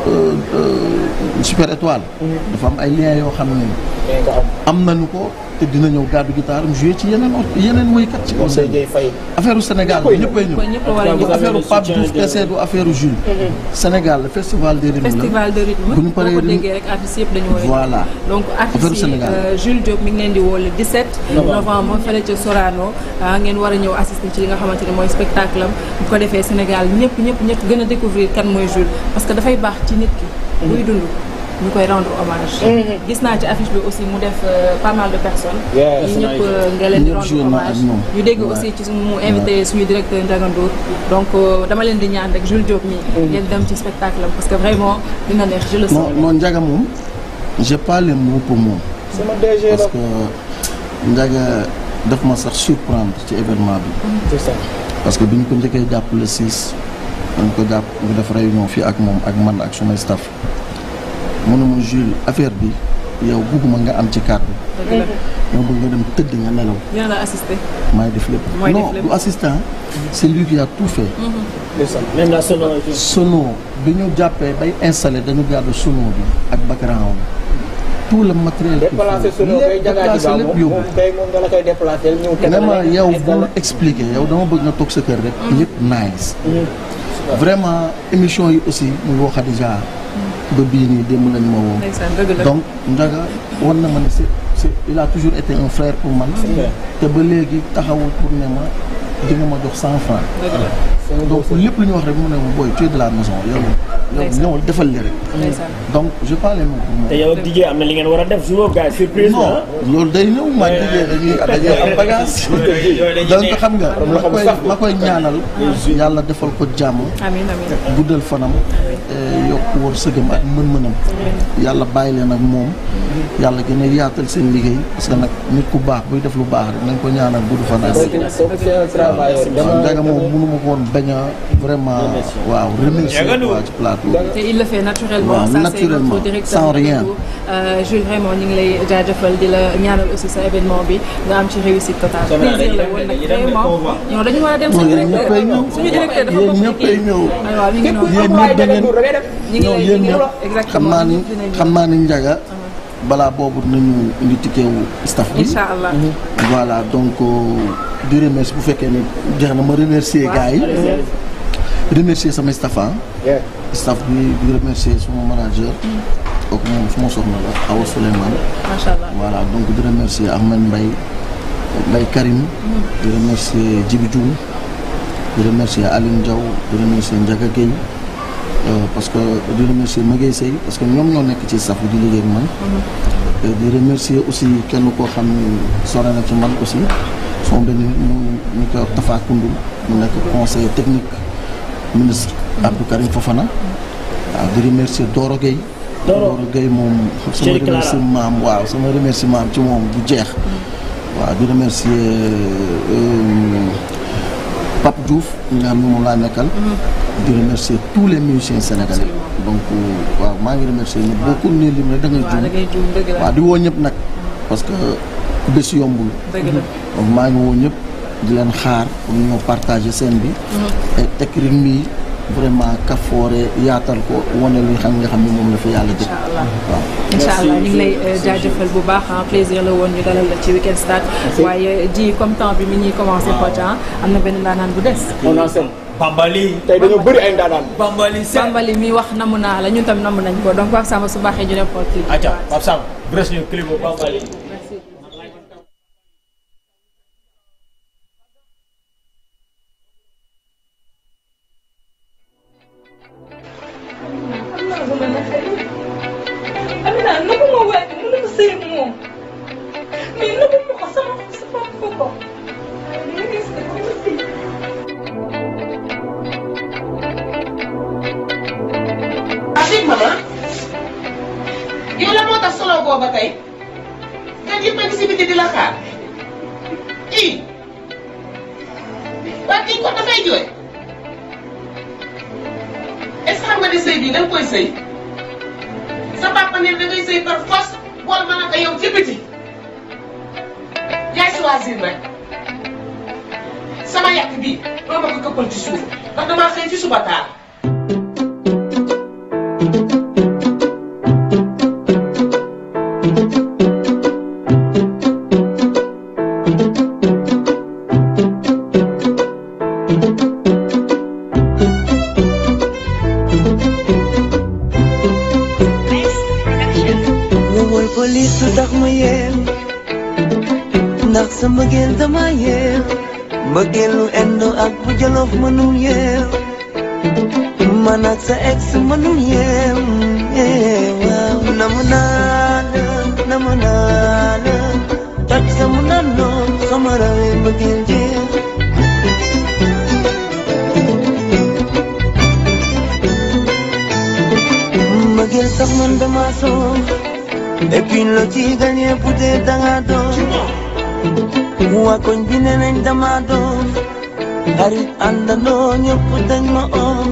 Euh, euh, super étoile. Mhm. dafa am ay liens yoo xam ne. am na ñu ko te dina ñëw gàddu guitare am joué ci yeneen yeneen woykat ci kaw seen affaire Sénégal bi ñëppay ñëw du affaire Pape Diouf kese du affaire Jules mm-hmm. Sénégal le festival de rythme festival de rythme bu ñu paree ko déggee rek artistes yëpp dañu woy voilà donc euh, leen di woo le 17 novembre fële ca Sorano ah, ngeen war a ñëw assister ci li nga xamante ne mooy spectacle am bu ko Sénégal ñëpp ñëpp ñëpp gën a découvrir kan mooy Jules parce que dafay baax ci nit ki buy mm-hmm. dund ñu koy rendre hommage. Mhm. gis naa ci affiche bi aussi mu def euh, pas mal de personnes. ñu ñëpp euh, nga leen di rendre moom ñu dégg aussi ci mu invité suñu directeur Ndiaga donc euh, dama leen di ñaan rek Jules Diop ñi mhm. ngeen dem ci spectacle parce que vraiment dina neex je le sais. moom Ndiaga moom j'ai pas les mots pour moom. sama DG parce que Ndiaga daf ma sax surprendre ci événement bi. Mhm. parce que bi ñu ko njëkkee jàpp le 6 dañ ko jàpp ñu def réunion fii ak moom ak man ak sumay mënuma Jules affaire bi yow bugguma nga am ci kàddu yow bëgg nga dem tëdd nga nelaw ñoo la assisté maay def lépp non du assistant c'est lui qui a tout fait mhm. même la sono sono bi ñu jàppee bay installé dañu gàddu sono bi ak background tout le matériel vraiment yow bul expliqué yow dama bëgg nga toog sa kër rek mhm. lépp nice mhm. vraiment émission yi aussi mu woo Khadija ba bii nii démb lañ ma woo donc Ndiaga war na ma ne c'est c'est il a toujours été un frère pour man te ba léegi taxawul pour ne ma dina ma jox cent francs donc lépp lu ñu wax rek mu ne ma booy tuer de la maison yow. yow ñëwal defal li rek. donc je parle moom pour moom. te yow DJ am na li ngeen war a def suba gars la loolu day ñëw maa ngi DJ dañuy dañuy am bagage. donc xam nga. ma koy ma koy ñaanal. yàlla defal ko jàmm. guddal fanam. yokk wër sëgam ak mën-mënam. yàlla bàyyi leen ak moom. yàlla gën a yaatal seen liggéey parce que nag nit ku baax buy def lu baax rek nañ ko ñaanal gudd fan. dëgg la dëgg la dëgg bañ a vraiment waaw remercier waa ci plateau te il le fait naturellement waaw ça naturellement c'est notre directeur sans rien euh, Jules vraiment ñu ngi lay jaajëfal di la ñaanal aussi sa événement bi nga am ci réussite totale plaisir la woon nag vraiment ñoo dañu war a dem suñu directeur suñu directeur dafa bokk ñëpp ay ñëw waaw ñu ngi noonu yéen ñëpp da ngeen ñëw yéen ñëpp xam naa ni xam naa ni njaga balaa boobu nañu indi ticket wu staff bi incha allah voilà donc euh, di remercier bu fekkee ne jeex na ma remercier gars yi. remercier sama staff ah. bi di remercier sama manager. kooku moom su ma soxna la Awa Souleymane. macha allah voilà donc di remercier Ahmed Mbaye Mbaye Karim. di remercier Djibi Dioum. di remercier Aline Diaw di remercier Ndiaga Gueye euh, parce que di remercier Maguette Seye parce que ñoom ñoo nekk ci staff bi di liggéey man. Mm-hmm. Euh, di remercier aussi kenn koo xam ne sore ci man aussi. son benn mu ñu koy wax Tafa mu nekk conseiller technique ministre Abdou Karim Fofana waaw di remercier Doro Gueye Doro Gueye moom sama remerciement waaw sama remerciement ci moom bu jeex waaw di remercier euh, Pape Diouf ñi nga xam ne mm-hmm. tous les musiciens sénégalais donc waaw maa ngi remercier ñëpp boo ko lim rek da ngay waaw di woo ñëpp nag parce bés yombul. maa ngi woo ñëpp di leen xaar pour ñu partager scène bi. Mm-hmm. et écrire mi vraiment kafoore yaatal ko wane li xam nga xam ne moom la fa yàlla def. incha allah ñu ngi lay euh, jaajëfal bu baax plaisir la woon ñu dalal la ci Weekend Stars. waaye ji euh, comme temps bi mi ñuy commencé ah. foofu am na benn ndaanaan bu des. on a seen Bambali. tey dañoo bëri ay ndaanaan. Bambali seen Bambali mi wax namu naa la ñun tam namu nañ ko donc Pape Samba su baaxee ñu dem xool clip. acca Bambali. man ak eh, sa ex mënul yem waaw namu naa la namu naa la tat samu naan noon sama rawee mbëggeel jeex mbëggeel sax man dama soof et puis loo ci gagné bu dee danga doon waa koñ bi ne nañ dama doon xarit àndandoo ñëpp dañ ma oof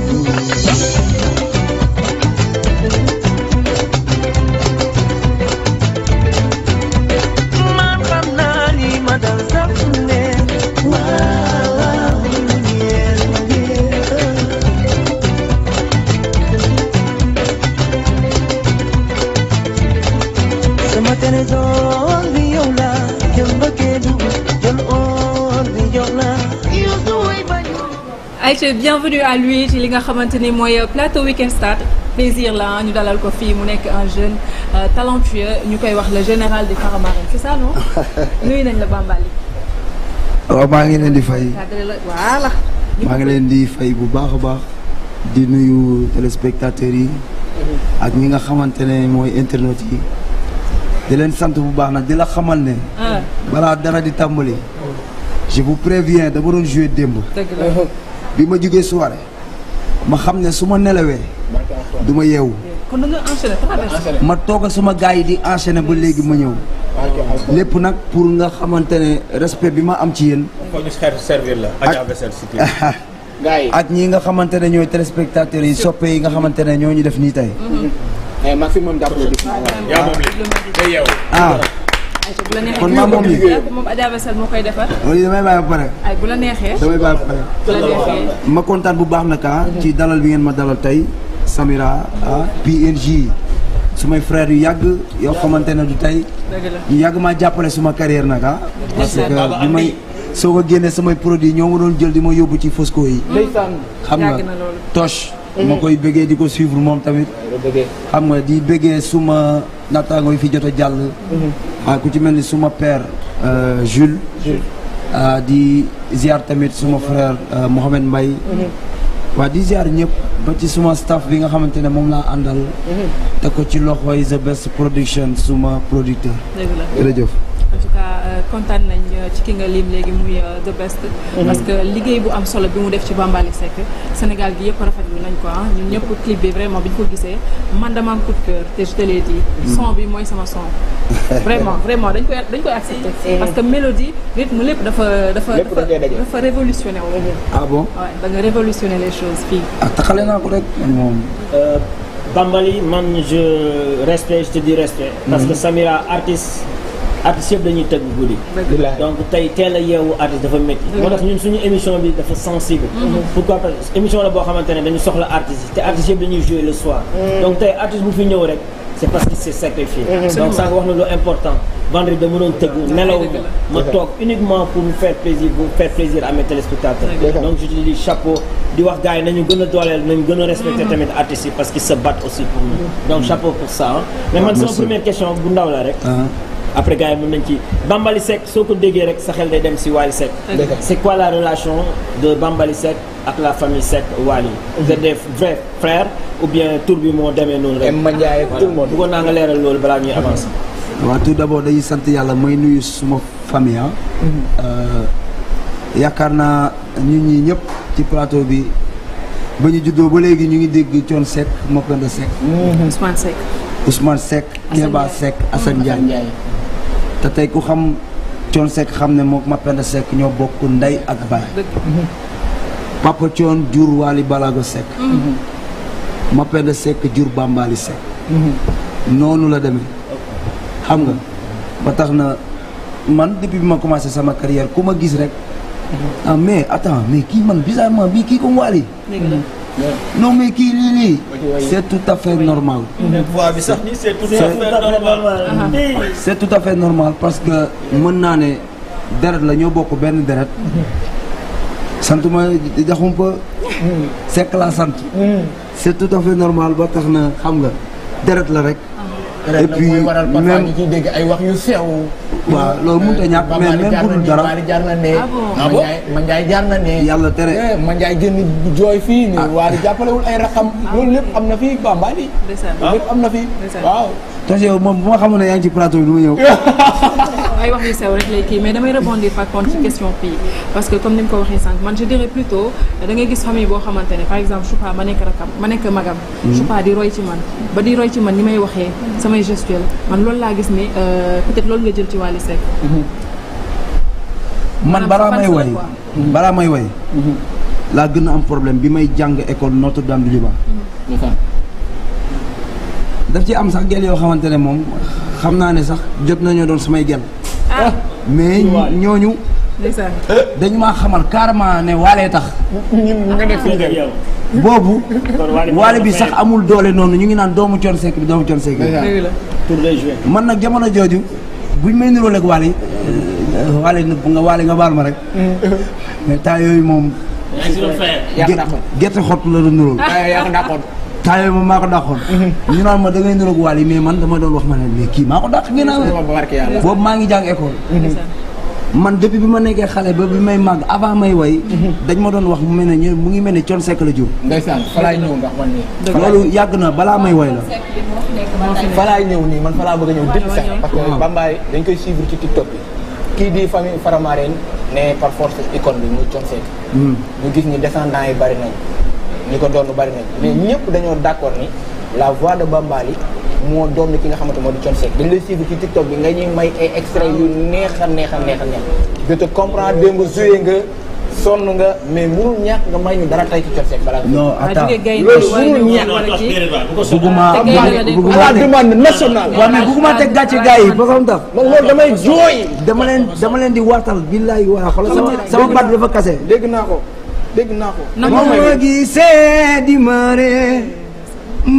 Aïcha bienvenue à lui ci li nga xamante ne mooy euh, plateau Week-end Stars plaisir la ñu dalal ko fii mu nekk un jeune euh, talentueux ñu koy wax le général de Faramareen c'est ça non nuyu nañ la Bambaly waaw maa ngi leen di fay voilà maa ngi leen di fay bu baax a baax di nuyu téléspectateurs yi mm-hmm. ak ñi nga xamante ne mooy internet yi di leen sant bu baax nag di la xamal ne ah. balaa dara di tàmbali je vous préviens dama doon jouer démb bi ma jógee soirée ma xam ne su ma nelawee du ma yeewu. kon da nga enchaîné traversé ma toog suma gars yi di enchaîné ba léegi ma ñëw. lépp nag pour nga xamante ne respect bi ma am ci yéen. kon ñu servir la. ak ñi nga xamante ne ñooy téléspectateurs yi soppe yi nga xamante ne ñoo ñu def nii tey. Eh, ah. kon maa moom lii moom Adja Wessel moo koy defar. bu ma kontaan bu baax nag ah, ci dalal bi ngeen ma dalal tey Samira ah su may frères yu yàgg yoo xamante ne du tey. ñu yàgg maa jàppale suma carrière na ah. parce que bi may soo ko génnee samay produits ñoo ma doon jël di ma yóbbu ci Fosco yi. xam nga tosh ma mhm. koy bëggee di ko suivre moom tamit. xam nga di bëggee suma nattaangoo yi fi jot a jàll. Mhm. ah ku ci mel ni suma père. Euh, Jules. Ah, di ziar tamit suma frère euh, Mohamed mbay mhm. waa di ziar ñëpp ba ci suma staff bi nga xamante ne moom laa àndal. te ko ci loxoy The Best Production suma producteur. jërëjëf. en euh, kontaan nañ euh, ci ki nga lim léegi muy euh, the best. Mhm. parce que liggéey bu am solo bi mu def ci Bambaly Seck Sénégal gi yëpp rafetlu nañ ko ñu ah. ñun ñëpp clip bi vraiment bi ñu ko gisee man dama am coup te je te l'ai dit. Mhm. bi mooy sama son. vraiment vraiment dañ koy dañ koy accepté. parce que mélodie rythme lépp dafa dafa dafa révolutionné wu. Mhm. ah bon waaw da nga révolutionné les choses fii. ah taxale naa ko rek moom. Bambaly man je respect je te parce que Samira artiste. artistes yëpp dañuy tëgg guddi donc tey teel a yeewu artiste dafa métti moo tax suñu émission bi dafa sensible mhm. pourquoi parce que émission la boo xamante ne dañu soxla artistes te artistes yëpp dañuy jouer le soir mhm. donc tey artiste bu fi ñëw rek c' parce que c' est sacrifié mhm. donc sànq wax na lu important vendredi dama doon tëgg nelaw ma toog uniquement pour vous faire plaisir pour faire donc je chapeau di wax gars yi nañu gën a dooleel nañu gën a respecté tamit artistes yi parce bu ndaw la rek ah. après gars yi mën nañ ci Bambali Seck soo ko déggee rek sa xel day dem si Wally Seck. c'est quoi relation de Bambali Seck ak la famille Seck Wally. vous êtes des tur bi moo demee noonu rek. Emma Ndiaye tout le monde bëggoon naa nga leeral loolu balaa ñuy avancer. waaw tout d'abord dañuy sant yàlla may nuyu suma famille ah. mm-hmm. euh, yaakaar naa ñun ñi ñëpp ci plateau bi. ba ñu juddoo ba léegi ñu ngi dégg Thione Seck Mapenda Seck. Mm-hmm. Ousmane Seck. Ousmane Seck. Keba Seck Assane Ndiaye. te tey ku xam Thione Seck xam ne moom Mapenda sekk ñoo bokk ndey ak baay Papa Thione jur Waly Balago Seck mm-hmm. Mapenda Seck jur Bambali Seck mm-hmm. noonu la demee xam nga ba tax na man depuis bi ma commencé sama carrière ku ma gis rek mm-hmm. ah mais attends mais kii man bizarrement bii kii comme Waly non mais kii lii nii. c'est tout à fait normal. bi sax c'est tout à fait normal. parce que mën naa ne deret la ñoo bokk benn deret. sant ma jaxumpa sekk laa sant. c'est tout à fait normal ba tax na xam nga deret la rek. et puis même deret la ay wax yu sew. waaw loolu mënut a ñàkk mais même budul dara Babacar jaar na ne ah ma Ndiaye jaar na yàlla tere eh, ma Ndiaye génn jooy fii ni waa di jàppalewul ay raxam ah. loolu lépp am na fii Bambali lépp am na fii waaw tas yow moom bu ma xamoon ne yaa ngi ci plateau bi du ma ñëw ay wax yu sew kii mais damay rebondir par contre parce que comme ko waxee sànq man je dirais plutôt da ngay gis xamante ne par exemple Choupa ma nekk rakam ma nekk magam mhm. Choupa di roy man ba di roy ci man ni may waxee samay gestuelle man loolu laa gis ne euh, loolu nga jël ci Wally Seck mhm. man mhm. balaa may woy balaa may woy laa gën a am problème bi may jàng école Notre-Dame du Liban ci am sax gel yoo xamante ne moom xam naa ne sax jot nañoo doon samay gel Ah. mais ñooñu. dañu ma xamal carrément ne waale tax. boobu. waale bi sax amul doole noonu ñu ngi naan doomu Thione Seck bi doomu Thione Seck bi. mën nag jamono jooju buñ may niróo leeg waale. Euh, waale nga waale nga baal ma rek. Mm. mais temps yooyu moom. gerte xot la doon niróo. taay maa ko dàqoon. Mhm. ñu naan ma da ngay niroog waal yi mais man dama doon wax ma ne mais kii maa ko dàq gën a. boobu maa ngi jàng école. Mhm. man depuis bi ma nekkee xale ba bi may màgg avant may way. Mhm. dañ ma doon wax mu mel ne ñu mu ngi mel ne Thione Seck la jur. ndeysaan fa laay ñëw ndax yàgg na balaa may way la. fa laay ñëw nii man fa laa bëgg ñëw dëkk sax. parce que ah. Bambaye dañ koy suivre ci TikTok bi. kii di famille Faramareen ne par force icône bi muy Thione Seck. Hmm. ñu gis yi bari na ñi ko doon bari nañ mais ñëpp dañoo d'accord ni la voix de Bambaly moo doon ki nga xamante moo di Thione Seck dañ lay suivre ci TikTok bi nga ñuy may ay extrait yu neex a neex a neex a nga mais mënul ñàkk nga may ñu dara tey ci Thione Seck balaa. non attends ah, loolu mënul ñàkk. bugguma bugguma demande damay jooy. dama leen di wartal billahi waa xoolal sama sama baat dafa kase. naa ko. dégg naa ko. na gisee di mare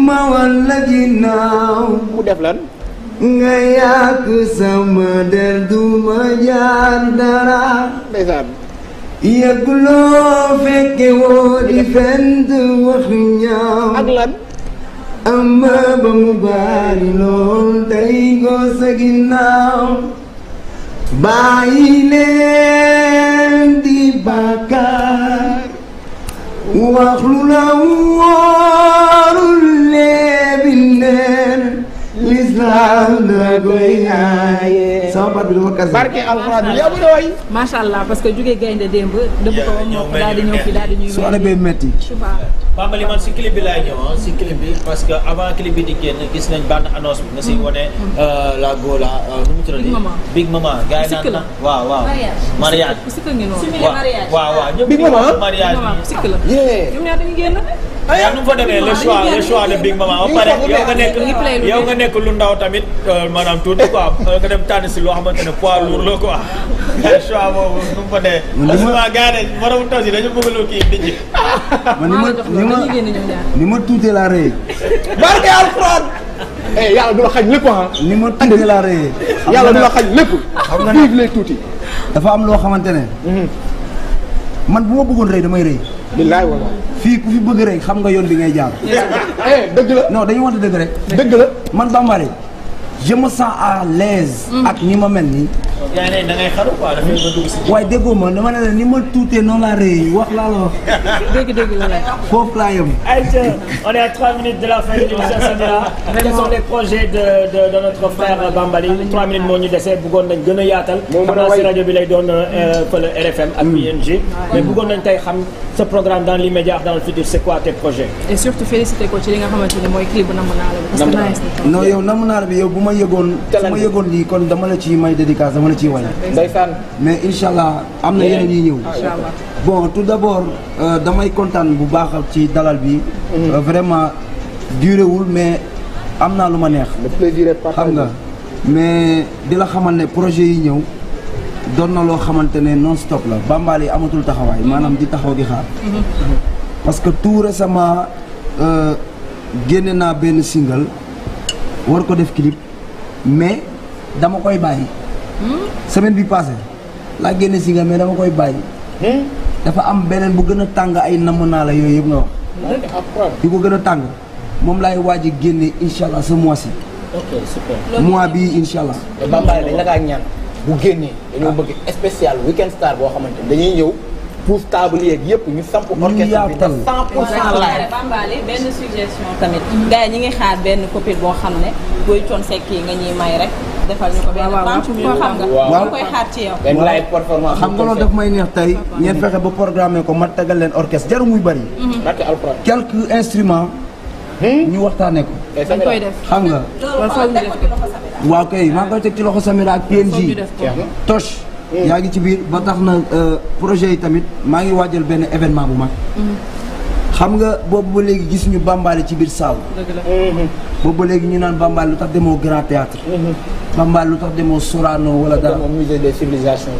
ma wan la ginnaaw. mu def lan. nga yàq sama der du jaar dara. ndeysaan. loo fekke woo di wax ñaaw. ak lan. amma ba mu baari lool tey ko sa ginnaaw. bàyyi leen di bàkkaar. واخلل أنوار sama bi dama kase. barke alxuraan bi yow doy. macha allah parce que jugee gaynde démb. dëbb ko ba mu daal di ñëw fii daal di ñuy. su arabee métti. Bambali man si clip bi laay ñëw ah, si clip bi parce que avant clip bi di génn gis nañ bande annonce bi nga siy mm. wane. Mm. Euh, la euh, Big Mama gars yi waaw waaw. mariage sikk ngi noonu Big Mama sikk la. ñoom ñaar dañuy génn. ah nu mu fa demee le choix le choix de Big Mama ba pare yow nga nga nekk lu ndaw ndaw tamit euh, maanaam tuuti quoi nga dem tànn si loo xamante ne poids lourd la quoi. choix boobu nu mu fa dee. man li ma moromu tos yi dañu bëgg lu kii di ji. ni ma ni ma ni ma tuutee laa rëy. barke alxuraan. eh yàlla du la xañ lépp ah. ni ma tuutee laa rëy. yàlla du la xañ lépp. xam nga lay tuuti. dafa am loo xamante ne. Mhm. man bu ma bëggoon rëy damay rëy. billaay wala. fii ku fi bëgg rek xam nga yoon bi ngay jaar. Eh, dëgg la non dañu wante dëgg rek. dëgg la man Bambaly je me sens à l'aise mm. ak ñi ma mel nii. yaa ngi ne da ngay xaru quoi dafay nga dugg si. waaye déggoo ma dama ne la ni ma tuutee noonu laa rëy wax laa la wax. dégg dégg la la. foofu laa yem. ayca a est à 3 minutes de la fin de l'émission Samira. quels sont les projets de de de notre frère Bambali 3 minutes moo ñu dese bëggoon nañ gën a yaatal. moom xam naa si rajo bi lay doon euh, fële RFM ak mm. ING. mais bëggoon nañ tey xam sa programme dans l'immédiat dans le futur c'est quoi tes projets. et surtout félicité ko ci li nga xamante ne mooy clip bu namm naa la bi. parce que yow namm naa la yow bu ma yëgoon. su kon dama la ci may dédicace la ciy wane. ndeysaan mais incha allah am na yeneen yi ñëw. bon tout d' abord euh, damay kontaan bu baax ci dalal bi. Mhm. Euh, vraiment duré wul mais am naa lu ma neex. le xam nga mais di la xamal ne projet yi ñëw. doon na loo xamante ne non stop la Bambaly amatul taxawaay maanaam di taxaw di xaar. Mhm. parce que tout récemment euh, génne naa benn single war ko def clip mais dama koy bàyyi. semaine bi passé laa génne single mais dama koy bàyyi. Hmm? dafa am beneen bu gën a tàng ay namm naa la yooyu yëpp nga wax. di ko gën a tàng moom laay waaj a génne incha allah ce mois ci. ok super. mois bii incha bu génnee. dañoo bëgg spécial weekend star boo xamante ne dañuy ñëw. pousse table yeeg yëpp ñu samp orchestre bi 100 pour cent live bambali benn suggestion tamit. ngi xaar benn copie boo xam ne booy coon sekk nga ñuy may rek. defal ñu ko benn pàcc boo xam nga. waaw koy xaar loolu daf may neex tey ngeen fexe ba programme ko ma tagal leen orchestre jaru muy bëri. Mhm. barke alxuraan quelques instruments. Hmm? ñu waxtaanee ko. Eh, dañ koy def xam nga. waaw kay maa koy teg ci loxo Samira ak PNJ. Toch. Hmm. yaa ngi ci biir ba tax na euh, projet yi tamit maa ngi waajal benn événement bu mag. Mhm. xam nga boobu ba léegi gisuñu Bambaly ci biir saal. Mhm. boobu ba léegi ñu naan Bambaly lu tax demoo Grand Théâtre mhm. Bambaly lu tax demoo Sorano wala dara des civilisations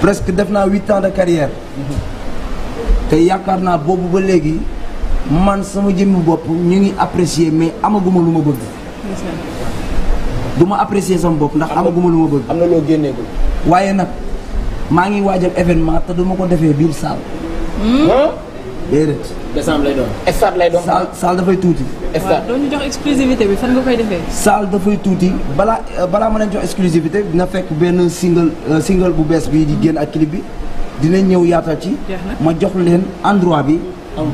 presque def naa huit ans de carrière mhm. te yaakaar naa boobu ba léegi man sama jëmmi bopp ñu ngi apprécier mais amaguma lu ma bëgg du ma apprécier sama bopp ndax amaguma lu ma bëgg am na loo génnee génneegul waaye nag maa ngi waajal événement te du ma ko defee biir saal déedéet. décembre lay doon. stade lay doon. saal saal dafay tuuti. stade doo ñu jox saal dafay tuuti balaa euh, balaa ma leen jox exclusivité dina fekk benn single euh, single bu bees bi di génn ak clip bi dina ñëw yaatal ci. ma jox leen endroit bi.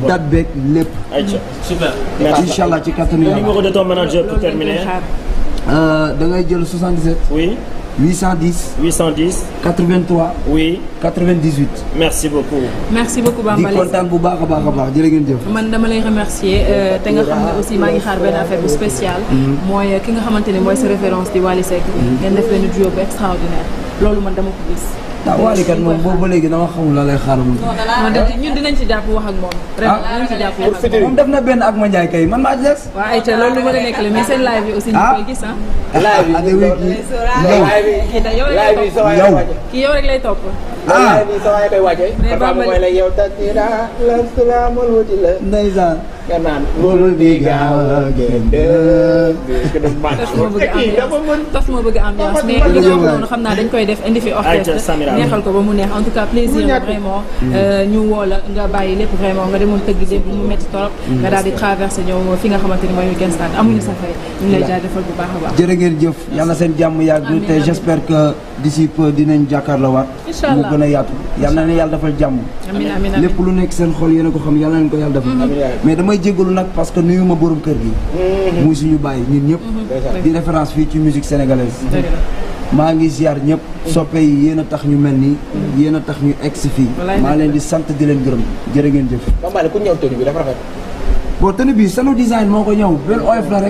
date beeg lépp. ayca super. merci ci kattanu yàlla. numéro de ton manager pour euh, da ngay jël 77. oui. 810. 810. 83. oui. 98. merci beaucoup. merci beaucoup Bamba di kontaan bu baax a baax a baax jërë ngeen jëf. man dama lay remercier euh, te nga xam ne aussi maa ngi xaar benn affaire bu spéciale. Mm-hmm. mooy euh, ki nga xamante ne mooy sa référence di Wally Seck. Mm-hmm. ngeen def benn duo bu extraordinaire loolu man dama ko gis. ah Wally kat moom boobu ba léegi dama xamul lay xaar ah. moom. moom. vraiment na benn ak ma Ndiaye kay man maa ci des. waaw ayca loolu lu ma la nekk la mais seen live bi aussi ñu ah. koy gis ah. ah live bi sa kii yow rek lay topp. ah live bi sa waay koy wàcce. mais bambali yow tas la nga naan bul a génn. dafa mën tas moo bëgg ambiance mais li nga wax xam naa dañ koy def indi fi orchestre neexal ko ba mu neex en tout cas plaisir vraiment. ñu woo la nga bàyyi lépp vraiment nga demoon tëgg lépp mu métti torop mm. nga daal di traversé ñëw fi nga xamante ni mooy Week-End Stars amuñu sa fay. ñu lay jaajëfal bu baax a baax. jërë ngeen jëf yàlla seen jàmm yàgg te j'espère que d'ici peu dinañ jàkkaarloowaat. incha allah mu gën a yaatu. yàlla na yàlla defal jàmm. amiin lépp lu nekk seen xol yéen a ko xam yàlla na ko yàlla defal mm-hmm. mais may jégalu nag parce que nuyu ma borom kër gi. Mhm. muy suñu bàyyi ñun ñëpp. Mhm. di référence fii ci musique sénégalaise. maa ngi ziar ñëpp. Mhm. soppe yi yéen a tax ñu mel nii. yéen a tax ñu egg si fii. maa leen di sant di leen gërëm jërë ngeen jëf. ku ñëw bi dafa rafet. bon tenue bi solo design moo ko ñëw benn oyof la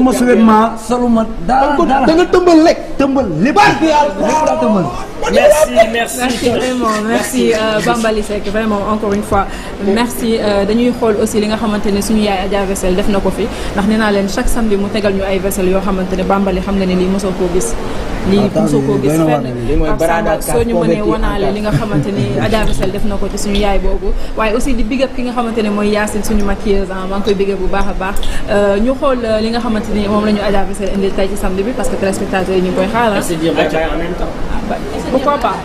ma suwet ma solo ma. daal daal da nga tëmbal lekk. tëmbal lépp lépp la tëmbal. merci merci merci vraiment merci euh, euh, xool aussi li nga xamante ne suñu yaay Adja Vaisselle def na ko fi ndax nee naa leen chaque samedi mu tegal ñu ay vaisselle yoo xamante ne Bamba li xam nga ne lii mosoo koo gis. Ah, lii mosoo koo gis fenn ak soo ñu mënee wanaale li nga xamante ni Adja Vaisselle def na ko ci suñu yaay boobu waaye aussi di big ki nga xamante ne mooy Yacine suñu maquilleuse ah, maa ngi koy bëggee bu baax a baax euh, ñu xool euh, li nga xamante ni moom la ñu Adja Bessel indil tey ci samedi bi parce que téléspectateurs yi ñu koy xaaral. Ah. Ah, pourquoi pas.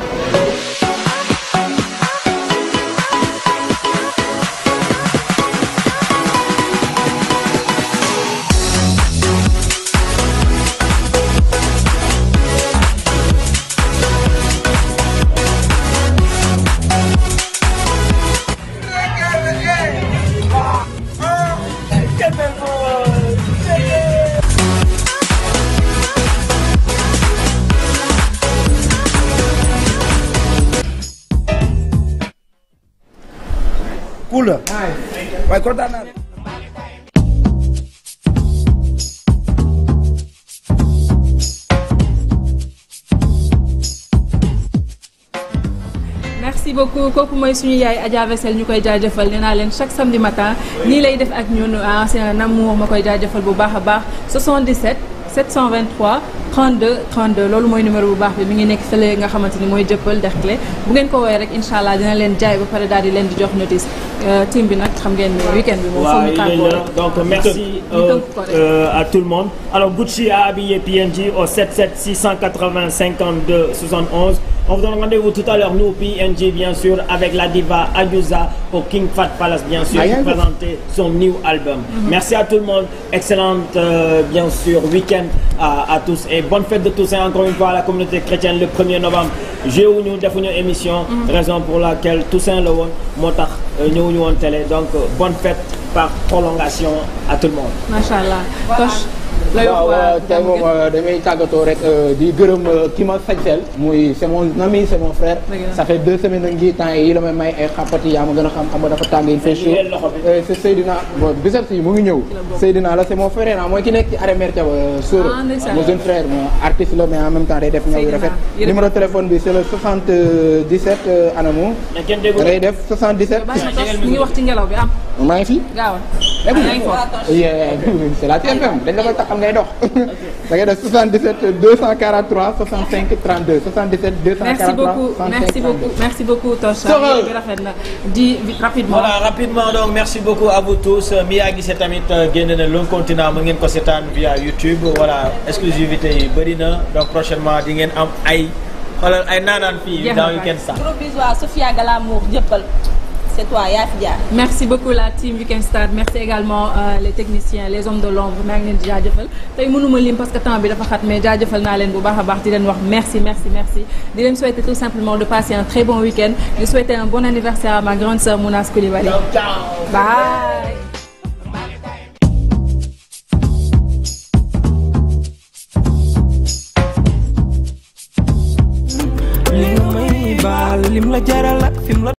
waaye kontaan naa merci beaucoup kooku mooy suñu yaay Adja Wessel ñu koy jaajëfal nee naa leen chaque samedi matin nii lay def ak ñu ah c'est un amour ma koy jaajëfal bu baax a baax 77 723 32 32 loolu mooy numéro bu baax bi mu ngi nekk fële nga xamante ni mooy jëppal Derklé bu ngeen ko woowee rek incha allah dina leen jaay ba pare daal di leen di jox notice. Euh, team bi nag xam ngeen ne weekend bi moom foog ñu tàggoo donc merci euh, euh, à tout le monde alors a habillé PNJ au 77 680 52 71 On vous donne la diva Adyouza au King Fat Palace, bien sûr, présenter son new album. Merci à tout le monde. Excellente, euh, bien sûr, week-end à, à tous. Et bonne fête de tous. Et encore une fois, à la communauté chrétienne, le 1er novembre, ñu defuñu émission. Mm-hmm. raison pour laquelle Toussaint la woon moo tax euh, ñëwuñu woon télé donc euh, bonne fête par prolongation à tout le monde. waaw tey rek euh, di gërëm euh, ki ma sañseel muy c'est mon ami c'est frère ça fait deux semaines ngi temps yi la may may ay xàppati yaa ma gën a xam xam nga dafa tàng il fait chaud euh, c'est mu ngi la c'est mon frère ah mooy ki nekk ci arrêt mère Thiaba Soro ah, mon jeune frère mo artiste la mais en même temps day def ñëw yu rafet numéro bi c'est wax ci ngelaw bi am ah. maa ngi fi gaawal c'est la TFM dañ la koy taxal ngay dox. da ngay def 77 243 65 32 77 243 65 32 merci beaucoup merci beaucoup merci beaucoup Toch. rafet na di rapidement. voilà rapidement donc merci beaucoup à vous tous mi yaa gisee tamit euh, génn na continent mu ngeen ko seetaan via YouTube voilà exclusivité yi bëri na donc prochainement di ngeen am ay xoolal ay naanaan fii. dans weekend Sofia Galamour jëppal. c'est toi yaa merci beaucoup la team Weekend Stars merci également euh, les techniciens les hommes de l'ombre maa ngi leen di jaajëfal tey mënuma lim parce que temps bi dafa xat mais jaajëfal naa leen bu baax a baax di leen wax merci merci merci di leen souhaiter tout simplement de passer un très bon week-end di souhaiter bon anniversaire à ma grande sœur Mounas Koulibaly. bye. lim